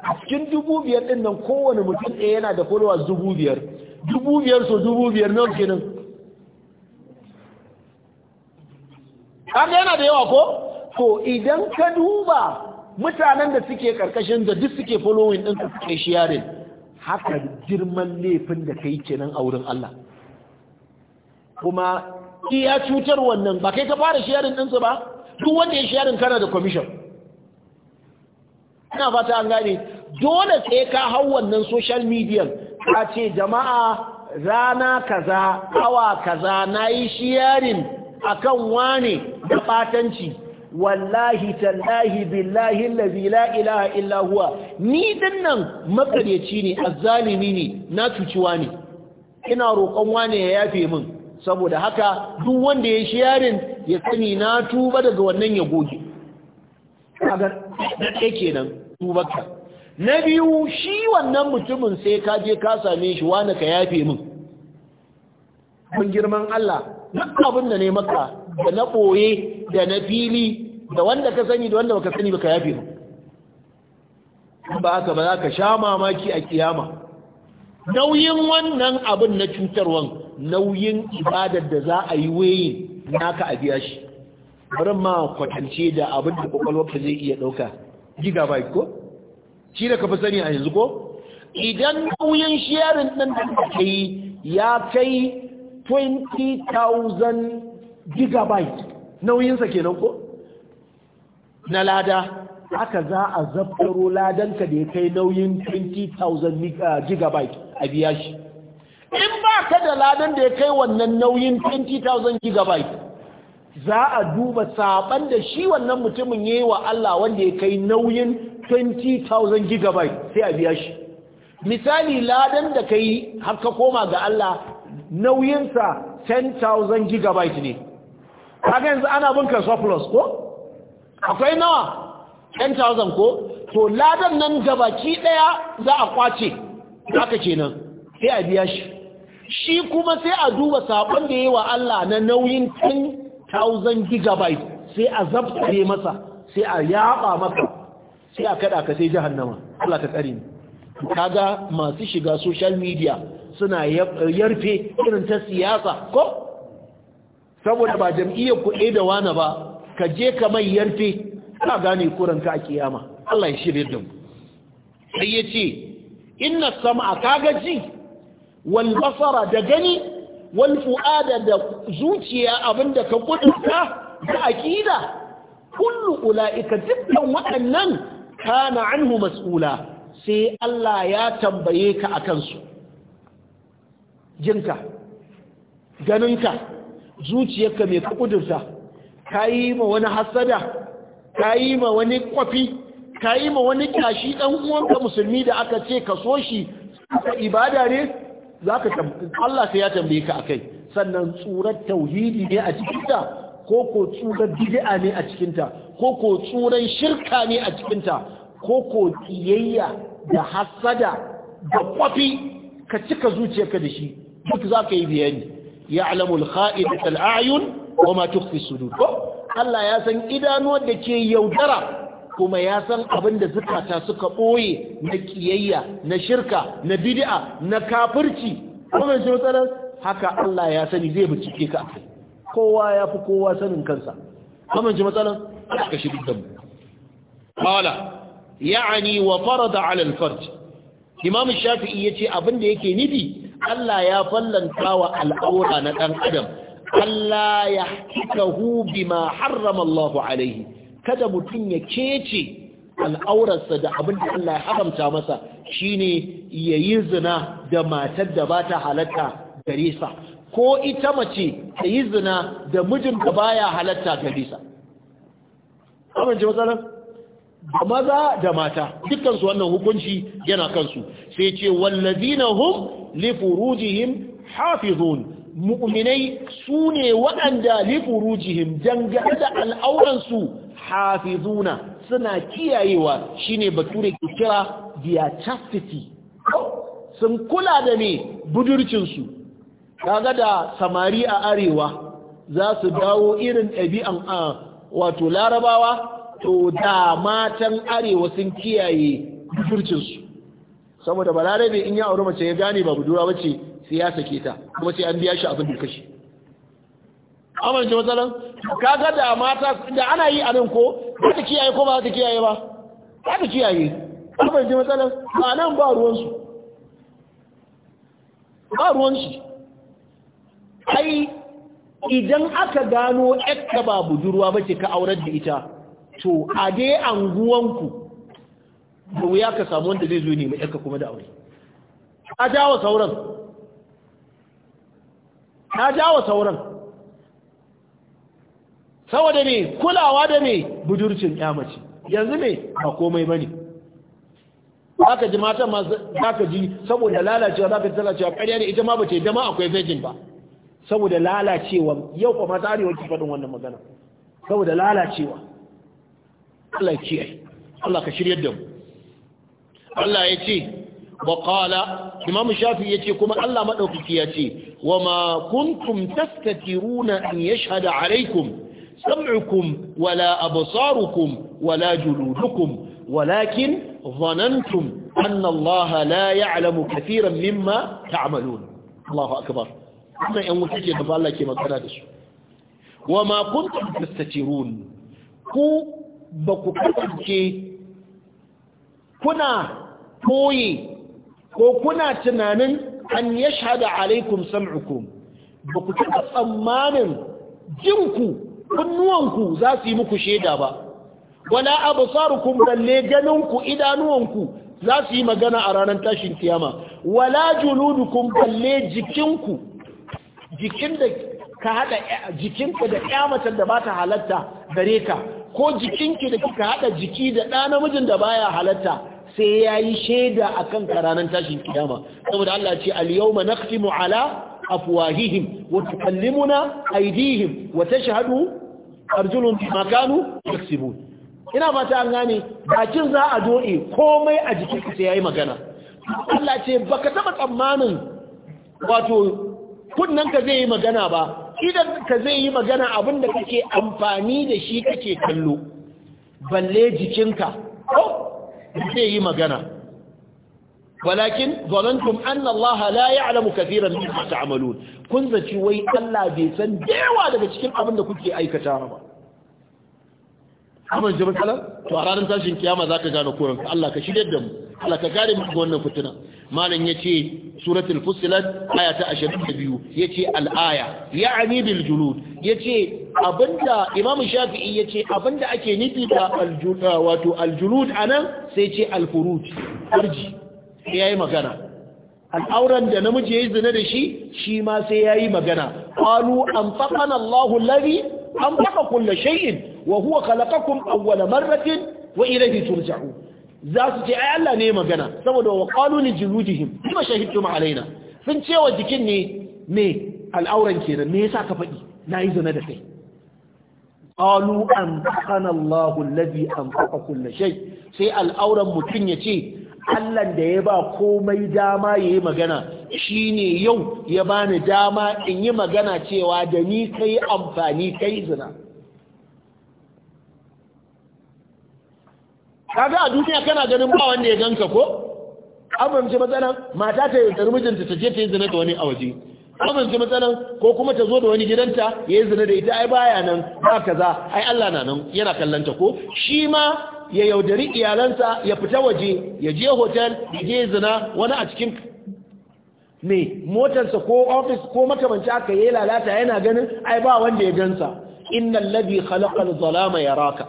a cikin dubu biyar ɗin nan kowane mutum ɗaya yana da followers dubu biyar dubu biyar so dubu biyar nan kenan kaga yana da yawa ko to idan ka duba mutanen da suke karkashin da duk suke following ɗin ka suke haka girman laifin da kai kenan a wurin Allah kuma shi ya cutar wannan ba kai ka fara sharing ɗinsu ba duk wanda ya sharing kana da commission ina fata an gane dole sai ka hau wannan social media a ce jama'a rana kaza awa kaza na yi sharing akan wane da batanci wallahi tallahi billahi allazi la ilaha illa huwa ni nan makareci ne azzalimi ne na cuciwa ne ina roƙon wane ya yafe min saboda haka duk wanda ya yarin ya sani na tuba daga wannan ya goge kaga da ɗaya kenan tubarka na biyu shi wannan mutumin sai ka je ka same shi wani ka yafe min kun girman Allah duk abin da ne maka da na ɓoye da na fili da wanda ka sani da wanda baka sani baka yafe min ba aka ba za ka sha mamaki a kiyama nauyin wannan abin na cutarwan nauyin ibadar da za a yi waye naka a biya shi bari ma kwatance da abin da kwakwalwarka zai iya ɗauka gigabyte ko shi da kafa sani a yanzu ko idan nauyin sharing ɗin da ka yi ya kai 20,000 gigabyte nauyinsa kenan ko na lada haka za a zafaro ladanka da ya kai nauyin 20,000 ah, gigabyte a biya shi ba da ladan da ya kai wannan nauyin 20,000 gigabyte za a duba saban da shi wannan mutumin ya yi wa Allah wanda ya kai nauyin 20,000 gigabyte sai a biya shi misali ladan da ka yi har ka koma ga Allah nauyinsa 10,000 gigabyte ne kaga yanzu ana bin kaso plus ko akwai nawa 10,000 ko to ladan nan gabaki ɗaya za a kwace ce kenan sai a biya shi shi kuma sai a duba sabon da yi wa Allah na nauyin 10,000 gigabyte sai a zabtare masa sai a yaba maka sai a kada ka sai jahannama Allah ka tsare ni kaga masu shiga social media suna yarfe irin ta siyasa ko saboda ba jam'iyyar kuɗe da wani ba ka je ka mai yarfe ana gane kuranka a kiyama Allah ya shirye da sai ya ce inna sam'a kaga ji Wan basara da gani wal fu'ada da zuciya abinda ka kudurta da aqida kullu ulaika dukkan waɗannan kana anhu mas'ula sai Allah ya tambaye ka akan su ganin ka, zuciyarka mai ka kudurta kayi ma wani hasada kayi ma wani kwafi kayi ma wani kashi ɗan uwanka musulmi da aka ce ka so shi ka ibada ne zaka Allah sai ya tambaye ka akai sannan tsurar tauhidi ne a cikinta ko ko tsurar bid'a ne a cikinta ko ko tsurar shirka ne a cikinta ko ko kiyayya da hasada da kwafi ka cika zuciyarka da shi duk zaka yi bayani ya'lamu al-kha'inata al-a'yun wa ma tukhfi as-sudur Allah ya san idanuwar da ke yaudara kuma ya san abin da zukata suka ɓoye na ƙiyayya na shirka na bid'a na kafirci kuma shi matsalar haka Allah ya sani zai bincike ka akai kowa ya fi kowa sanin kansa kuma shi matsalar aka shi dukkan qala ya'ni wa farada 'ala al-farj imam shafi'i yace abin da yake nufi Allah ya fallanta wa al'aura na dan adam Allah ya hikahu bima harrama Allah alaihi kada mutum ya kece al'aurarsa da abin da Allah ya haramta masa shine ya yi zina da matar da ba ta halatta gare sa ko ita mace ta yi zina da mijin da baya halatta gare sa amince matsalar da maza da mata dukkansu wannan hukunci yana kansu sai ce wallazina hum li furujihim hafizun mu'minai su ne waɗanda lifurujihim dangane da al'auransu hafizuna suna kiyayewa shine bature ke kira their chastity sun kula da ne budurcinsu kaga da samari a arewa za su dawo irin ɗabi'an a wato larabawa to da matan arewa sun kiyaye budurcinsu saboda balarabe in ya auri mace ya gane ba budura wace sai ya sake ta kuma sai an biya shi abin da kashi amince matsalan kaga da mata da ana yi anan ko ba ta kiyaye ko ba ta kiyaye ba ba ta kiyaye amince matsalan ba nan ba ruwansu ba shi ai idan aka gano ƴakka ba budurwa bace ka aurar da ita to a dai anguwanku da wuya ka samu wanda zai zo ne mai yarka kuma da aure ta jawo sauran ta jawo sauran saboda ne kulawa da ne budurcin yamaci yanzu ne ba komai bane zaka ji matan ma zaka ji saboda lalacewa zaka ji lalacewa ƙarya ne ita ma bace dama akwai virgin ba saboda lalacewa yau kuma ta arewa ki faɗin wannan magana saboda lalacewa Allah ai Allah ka shiryar da mu Allah ya ce, Bakala, Imam Shafi ya ce, kuma Allah maɗaukaki ya ce, wa ma kuntum taskatiruna in ya shahada alaikum raikum, wala abasarukum wala juludukum, walakin zanantum anna Allah la ya'lamu kafiran mimma ta'amalun. Allahu da Allah ke magana Wa ma kuntum taskatirun, ku ba ku kuna koyi ko kuna tunanin an ya shahada alaikum sam'ukum ba ku taɓa tsammanin jinku kunnuwanku za su yi muku shaida ba wala absarukum balle ganinku idanuwanku za su yi magana a ranar tashin kiyama wala juludukum balle jikinku jikin da ka hada jikinka da kyamatar da bata halatta gare ka ko jikinki da kika hada jiki da ɗa namijin da baya halatta sai ya yi shaida akan karanan tashin kiyama saboda Allah ya ce al-yawma nakhtimu ala afwahihim wa tukallimuna aydihim wa tashhadu arjulun bima kanu yaksibun ina fata an gane bakin za a doɗe komai a jikin sai yayi magana Allah ce baka taba tsammanin wato kunnan ka zai yi magana ba idan ka zai yi magana abin da kake amfani da shi kake kallo balle jikinka zai yi magana walakin zanantum anna Allah la ya'lamu kathiran mimma ta'malun kun zaci wai Allah bai san dewa daga cikin abin da kuke aikata ba amma ji matsalar to a ranar tashin kiyama zaka gane koran Allah ka shirye da mu Allah ka kare mu wannan fitina malam yace suratul fussilat aya ta ya yace al'aya, ya ya'ni bil julud yace abinda imam shafi'i yace abinda ake nufi da al a wato al-julud nan, sai ce al-furuj ya yi magana al'auran da namiji yi zina da shi shi ma sai yayi magana qalu anfaqana Allahu an anfaqa kulle shay'in wa huwa khalaqakum awwala marratin wa ilayhi uku. za su ce ai Allah ne magana saboda wa qalu li kuma shahidtum alaina sun ce wa jikin ne me al'auran kenan me yasa ka faɗi nayi zina da kai qalu an kana Allahu alladhi anfaqa kull shay sai al'auran mutun yace Allah da ya ba komai dama yayi magana shine yau ya bani dama in yi magana cewa da ni kai amfani kai zina kaga a duniya kana ganin ba wanda ya ganka ko an fahimci matsalan mata ta yi da mijinta ta je ta yi zina da wani a waje an matsalan ko kuma ta zo da wani gidanta ya yi zina da ita ai baya nan ba kaza ai Allah na nan yana kallanta ko shi ma ya yaudari iyalansa ya fita waje ya je hotel ya je zina wani a cikin me motarsa ko ofis ko makamanci aka yi lalata yana ganin ai ba wanda ya gansa innal ladhi khalaqal zalama yaraka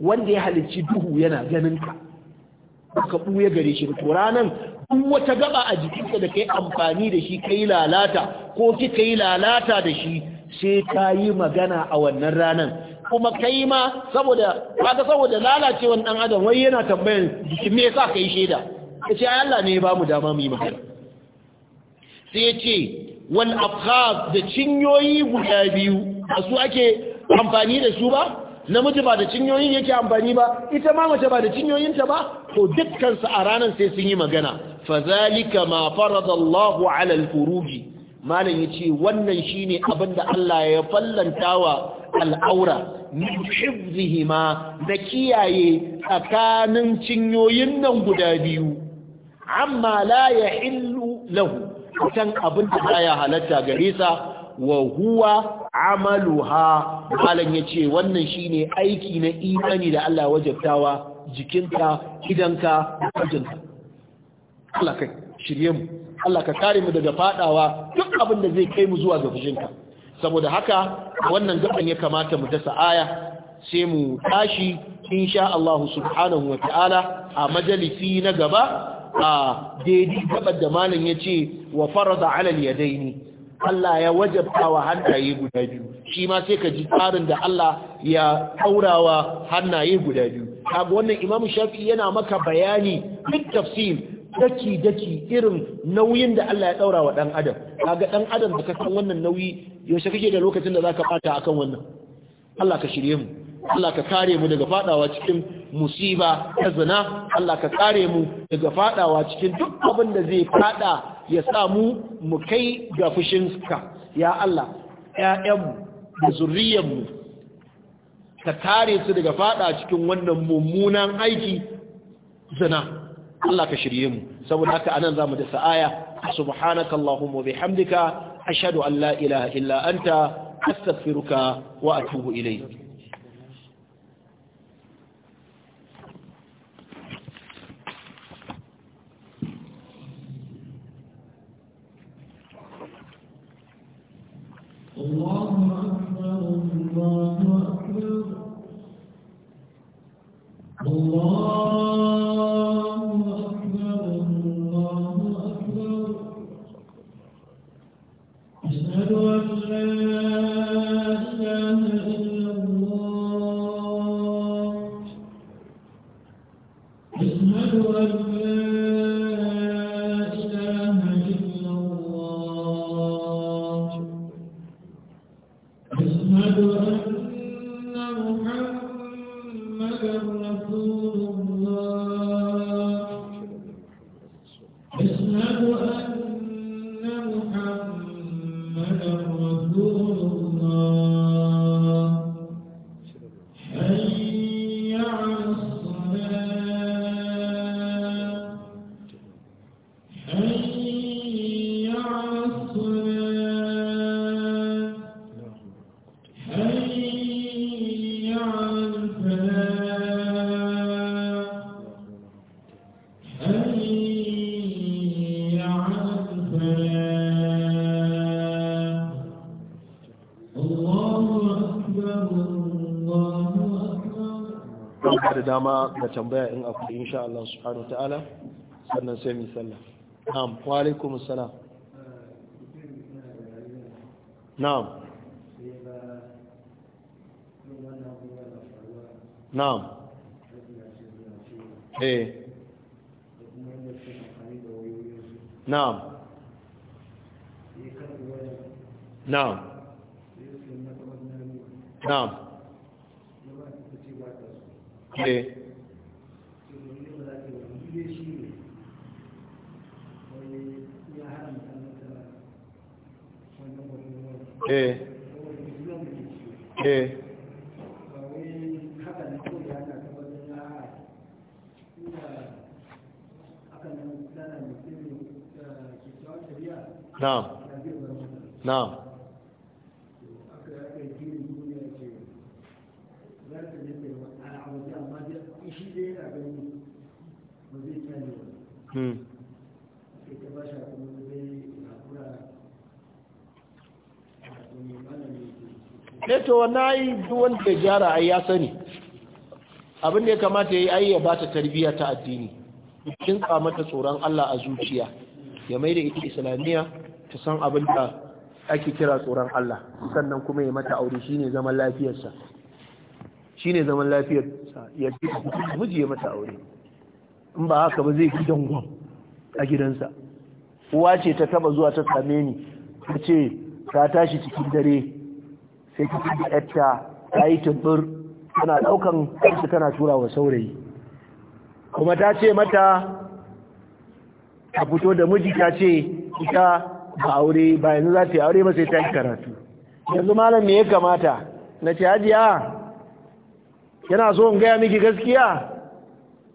wanda ya halicci duhu yana ganin ka ka buya gare shi to ranan duk wata gaba a jikinka da kai amfani da shi kai lalata ko kika yi lalata da shi sai ka yi magana a wannan ranan kuma kai ma saboda kaga saboda lalacewan dan adam wai yana tambayan jikin me yasa kai sheda yace ai Allah ne ya bamu dama mu yi magana sai yace wal afkhaz da cinyoyi guda biyu a su ake amfani da su ba namiji ba da cinyoyin yake amfani ba ita ma mace ba da cinyoyinta ba to dukkansu a ranar sai sun yi magana fazalika ma faradallahu ala alfuruji malam yace wannan shine abin da Allah ya fallanta wa al'aura min hifzihima da kiyaye tsakanin cinyoyin nan guda biyu amma la yahillu lahu kan abin da ya halatta gare sa wa huwa amaluha malan yace wannan shine aiki na imani da Allah wajabtawa jikinka idanka kujinka Allah kai shirye mu Allah ka kare mu daga fadawa duk abin da zai kai mu zuwa ga fushinka saboda haka wannan gaban ya kamata mu dasa aya sai mu tashi insha Allah subhanahu wa ta'ala a majalisi na gaba a daidai gabar da malam yace wa farada ala al-yadaini Allah ya wajabta wa hannaye guda biyu shi ma sai ka ji tsarin da Allah ya taurawa hannaye guda biyu kaga wannan Imam Shafi'i yana maka bayani duk tafsir daki daki irin nauyin da Allah ya daura wa dan adam kaga dan adam da ka san wannan nauyi yaushe kake da lokacin da zaka bata akan wannan Allah ka shirye mu Allah ka kare mu daga fadawa cikin musiba ta zina Allah ka kare mu daga fadawa cikin duk abin da zai fada ya samu mu kai ga fushinka ya Allah ƴaƴanmu da zuriyarmu ka tare su daga fada cikin wannan mummunan aiki zina Allah ka shirye mu saboda haka anan zamu da sa'aya subhanakallahumma bihamdika ashhadu an la ilaha illa anta astaghfiruka wa atubu ilayk tambaya in akwai insha Allah subhanahu ta'ala sannan sai mu sallah na'am wa alaikum assalam na'am na'am eh na'am na'am na'am ايه eh eh na'am na'am na yi wanda ya gyara ai ya sani abin da ya kamata ya yi ya bata tarbiyya ta addini kin mata tsoron Allah a zuciya ya maida ita islamiyya ta san abin da ake kira tsoron Allah sannan kuma ya mata aure shine zaman lafiyarsa shine zaman lafiyarsa ya miji ya mata aure in ba haka ba zai gidan dangon a gidansa uwa ce ta taba zuwa ta same ni ta ce ta tashi cikin dare sai ta fi ta yi tumbur tana ɗaukan kansu tana tura wa saurayi kuma ta ce mata ta fito da miji ta ce ita ba aure ba yanzu za ta yi aure ba sai ta yi karatu yanzu malam me ya kamata na ce hajiya yana so in gaya miki gaskiya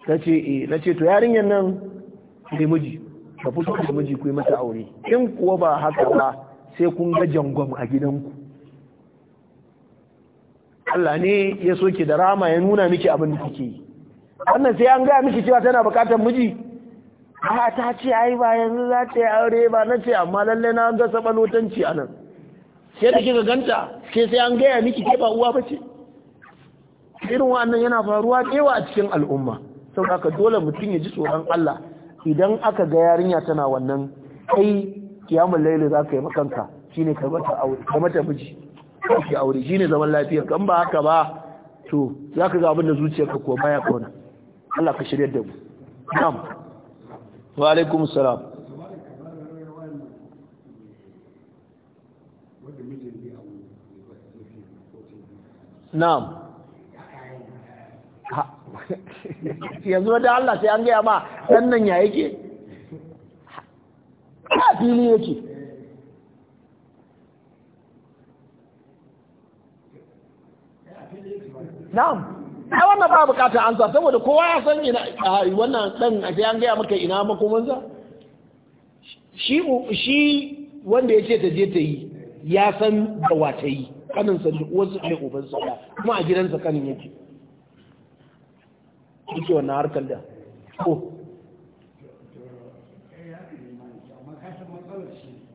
ta ce e na ce to yarinyar nan da miji ta fito da miji ku mata aure in kuwa ba haka ba sai kun ga jangon a gidanku Allah ne ya soke da rama ya nuna miki abin da kike yi wannan sai an gaya miki cewa tana bukatar miji a ta ce ai ba yanzu za ta yi aure ba na ce amma lallai na ga sabalotanci a nan sai da kika ganta sai sai an gaya miki ke ba uwa ba ce irin wannan yana faruwa yawa a cikin al'umma saboda haka dole mutum ya ji tsoron Allah idan aka ga yarinya tana wannan kai kiyamul laili za ka yi makanka shine ka mata aure ka mata miji kawai aure shine zaman lafiya kan ba haka ba to za ka ga abin da zuciyarka ko baya kauna Allah ka shirya da mu na'am wa alaikum assalam na'am yanzu da Allah sai an gaya ma sannan ya yake ha fili yake na'am ai wannan ba bukatar ansa saboda kowa ya san ina wannan dan a sai an gaya maka ina makomansa shi shi wanda ya ce ta je ta yi ya san da wata yi kanin kaninsa duk wasu ne sauka kuma a gidansa kanin yake yake wannan harkar da ko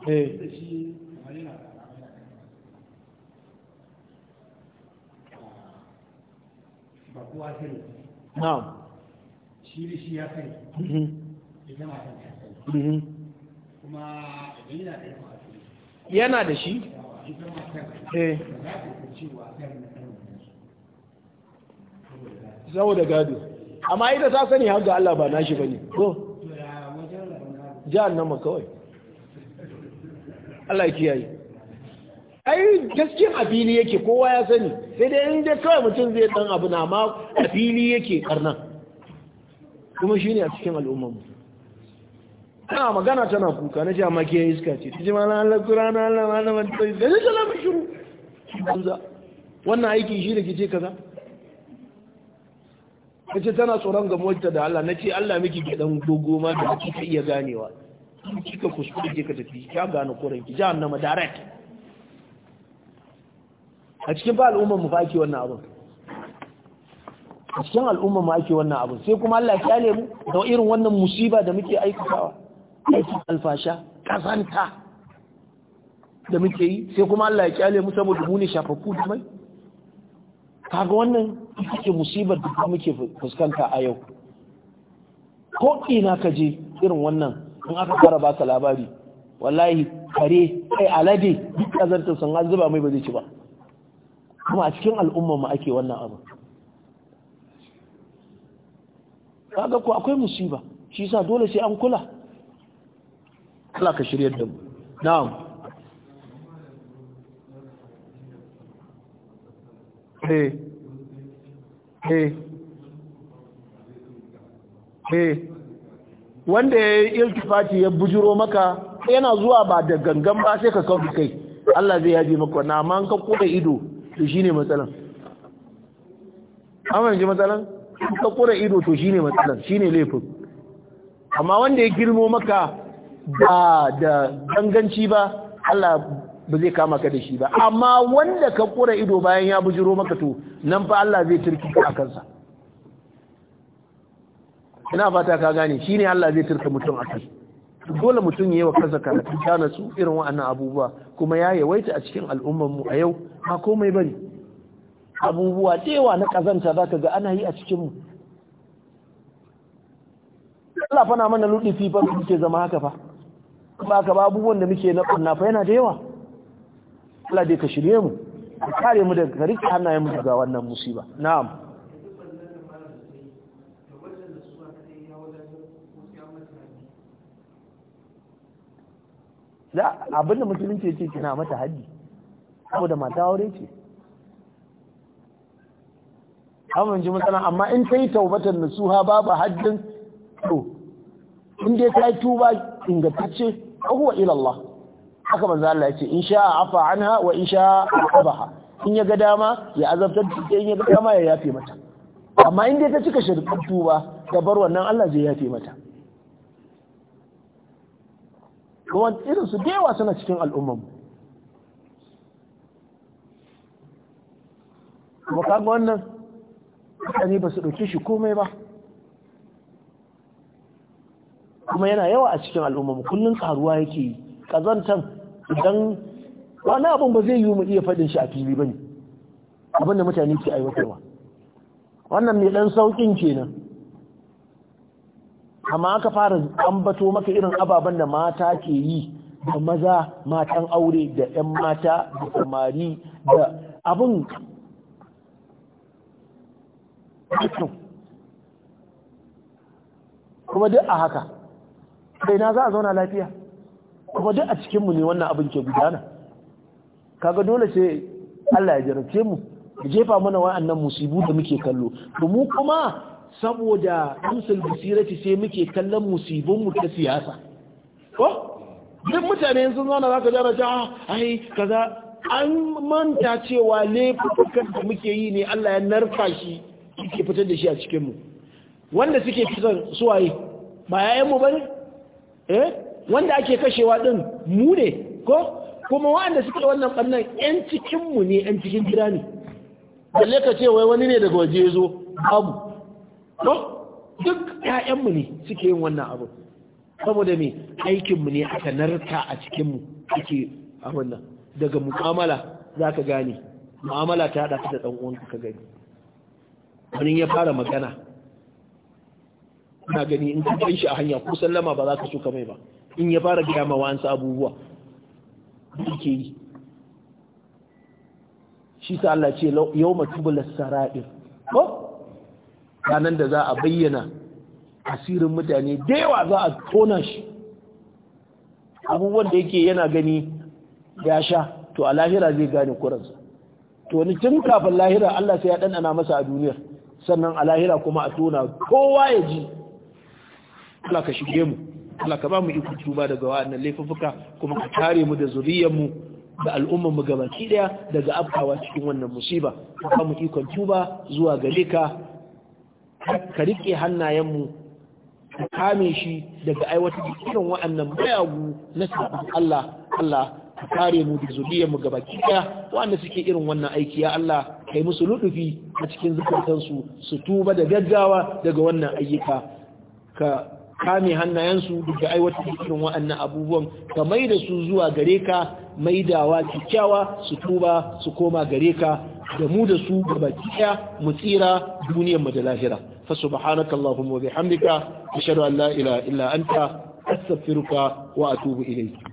eh sani mm-hmm. mm-hmm. na'am shi yana da yawa yana da shi gado amma ita ta sani har Allah ba nashi bane ko nama kawai Allah ya kiyaye ai gaskiyar abini yake kowa ya sani sai dai in dai kawai mutum zai dan abu na ma a fili yake karnan kuma shi ne a cikin al'ummar mu tana magana tana kuka na ce amma ke iska ce ta ji ma na Allah kura na Allah ma na wata da zai zala mai shiru wannan aiki shi da ke ce kaza ta ce tana tsoron gamuwarta da Allah na ce Allah miki ke dan dogo ma da kika iya ganewa kika kuskure ka tafi ka gane koranki jahannama direct a cikin ba al'umman mu fa ake wannan abin a cikin al'umman mu ake wannan abin sai kuma Allah ya kyale mu da irin wannan musiba da muke aikatawa aikin alfasha kazanta da muke yi sai kuma Allah ya kyale mu saboda mu ne shafaffu da mai kaga wannan ita musibar da muke fuskanta a yau ko ina ka je irin wannan in aka fara baka labari wallahi kare kai alade duk kazantar sun an zuba mai ba zai ci ba kuma a cikin al'umma mu ake wannan abu kaga ko akwai musiba shi yasa dole sai an kula Allah ka shiryar da mu na'am eh eh eh wanda ya yi iltifati ya bujiro maka yana zuwa ba da gangan ba sai ka kawo kai Allah zai yaji maka na man ka kuɗa ido to shine matsalan amma ji matsalan ka kura ido to shine matsalan shine laifin amma wanda ya girmo maka ba da ganganci ba Allah ba zai kama ka da shi ba amma wanda ka kura ido bayan ya bujiro maka to nan fa Allah zai turki ka kansa ina fata ka gane shine Allah zai turka mutum akai dole mutum ya yi wa kaza kaza ta nasu irin wa'annan abubuwa kuma ya yawaita a cikin al'ummar mu a yau ba komai bane abubuwa da na kazanta zaka ga ana yi a cikinmu. mu fana fa na mana ludifi su ke zama haka fa ba ka ba abubuwan da muke na kunna fa yana da yawa Allah dai ka shirye mu ka kare mu daga rike hannayen mu daga wannan musiba na'am da abin da musulunci ce kina mata haddi saboda mata aure ce amma ji matsala amma in ta yi taubatar taubatan nasuha babu hajjin to in dai ta yi tuba ingantacce huwa ilallah Allah haka manzo Allah ya ce in sha afa anha wa in sha abaha in ya ga dama ya azabtar da in ya ga dama ya yafe mata amma in dai ta cika shirkan tuba da bar wannan Allah zai yafe mata kawai irin su da yawa suna cikin al'ummar mu kuma kaga wannan mutane ba su ɗauke shi komai ba kuma yana yawa a cikin al'ummar mu kullum karuwa yake kazantan idan wani abin ba zai yi mu iya faɗin shi a fili ba ne abin mutane ke aiwatarwa wannan mai dan sauƙin kenan amma aka fara ambato maka irin ababen da mata ke yi da maza matan aure da 'yan mata da samari da abin kuma duk a haka sai na za a zauna lafiya kuma duk a cikinmu ne wannan abin ke gudana kaga dole sai Allah ya jarabce mu jefa mana wa'annan musibu da muke kallo mu kuma saboda dusul basirati sai muke kallon musibin mu ta siyasa ko duk mutane yanzu zana zaka jara ta ah, ai kaza an manta cewa ne fukan da muke yi ne Allah ya narfa shi yake fitar da shi a cikin mu wanda suke fitar suwaye ba yayan mu bane eh wanda ake kashewa din mu ne ko kuma wanda suke wannan bannan yan cikin mu ne yan cikin gida ne balle ka ce wai wani ne daga waje ya zo babu ko duk ƴaƴanmu ne suke yin wannan abu saboda me aikinmu ne aka narka a cikinmu ake abin nan daga mu'amala za ka gane mu'amala ta haɗa da ɗan uwanka ka gani wani ya fara magana na gani in ka shi a hanya ko sallama ba za ka so ka mai ba in ya fara gaya ma wa'ansu abubuwa yake yi shi sa Allah ce yau matubula sara'ir ko ranar da za a bayyana asirin mutane da yawa za a tona shi abubuwan da yake yana gani ya sha to a lahira zai gane kuransa to wani tun kafin lahira Allah sai ya ɗanɗana masa a duniya sannan a lahira kuma a tona kowa ya ji Allah ka shige mu Allah ka ba mu iko tuba daga wannan laifuka, kuma ka kare mu da zuriyar mu da al'ummar mu gabaki daya daga afkawa cikin wannan musiba ka mu ikon tuba zuwa gare ka ka riƙe hannayenmu ka kame shi daga aiwatar da irin waɗannan mayagu na sabon Allah Allah ka kare mu da zuriyar mu gaba kiya wanda suke irin wannan aiki ya Allah kai musu ludufi a cikin zukatansu su tuba da gaggawa daga wannan ayyuka ka kame hannayensu daga aiwatar da irin waannan abubuwan ka maida su zuwa gare ka maidawa kyakkyawa su tuba su koma gare ka da mu da su gaba ɗaya mu tsira duniyar mu da lahira fa subhanaka allahumma wa bihamdika ashhadu an la ilaha illa anta astaghfiruka wa atubu ilayk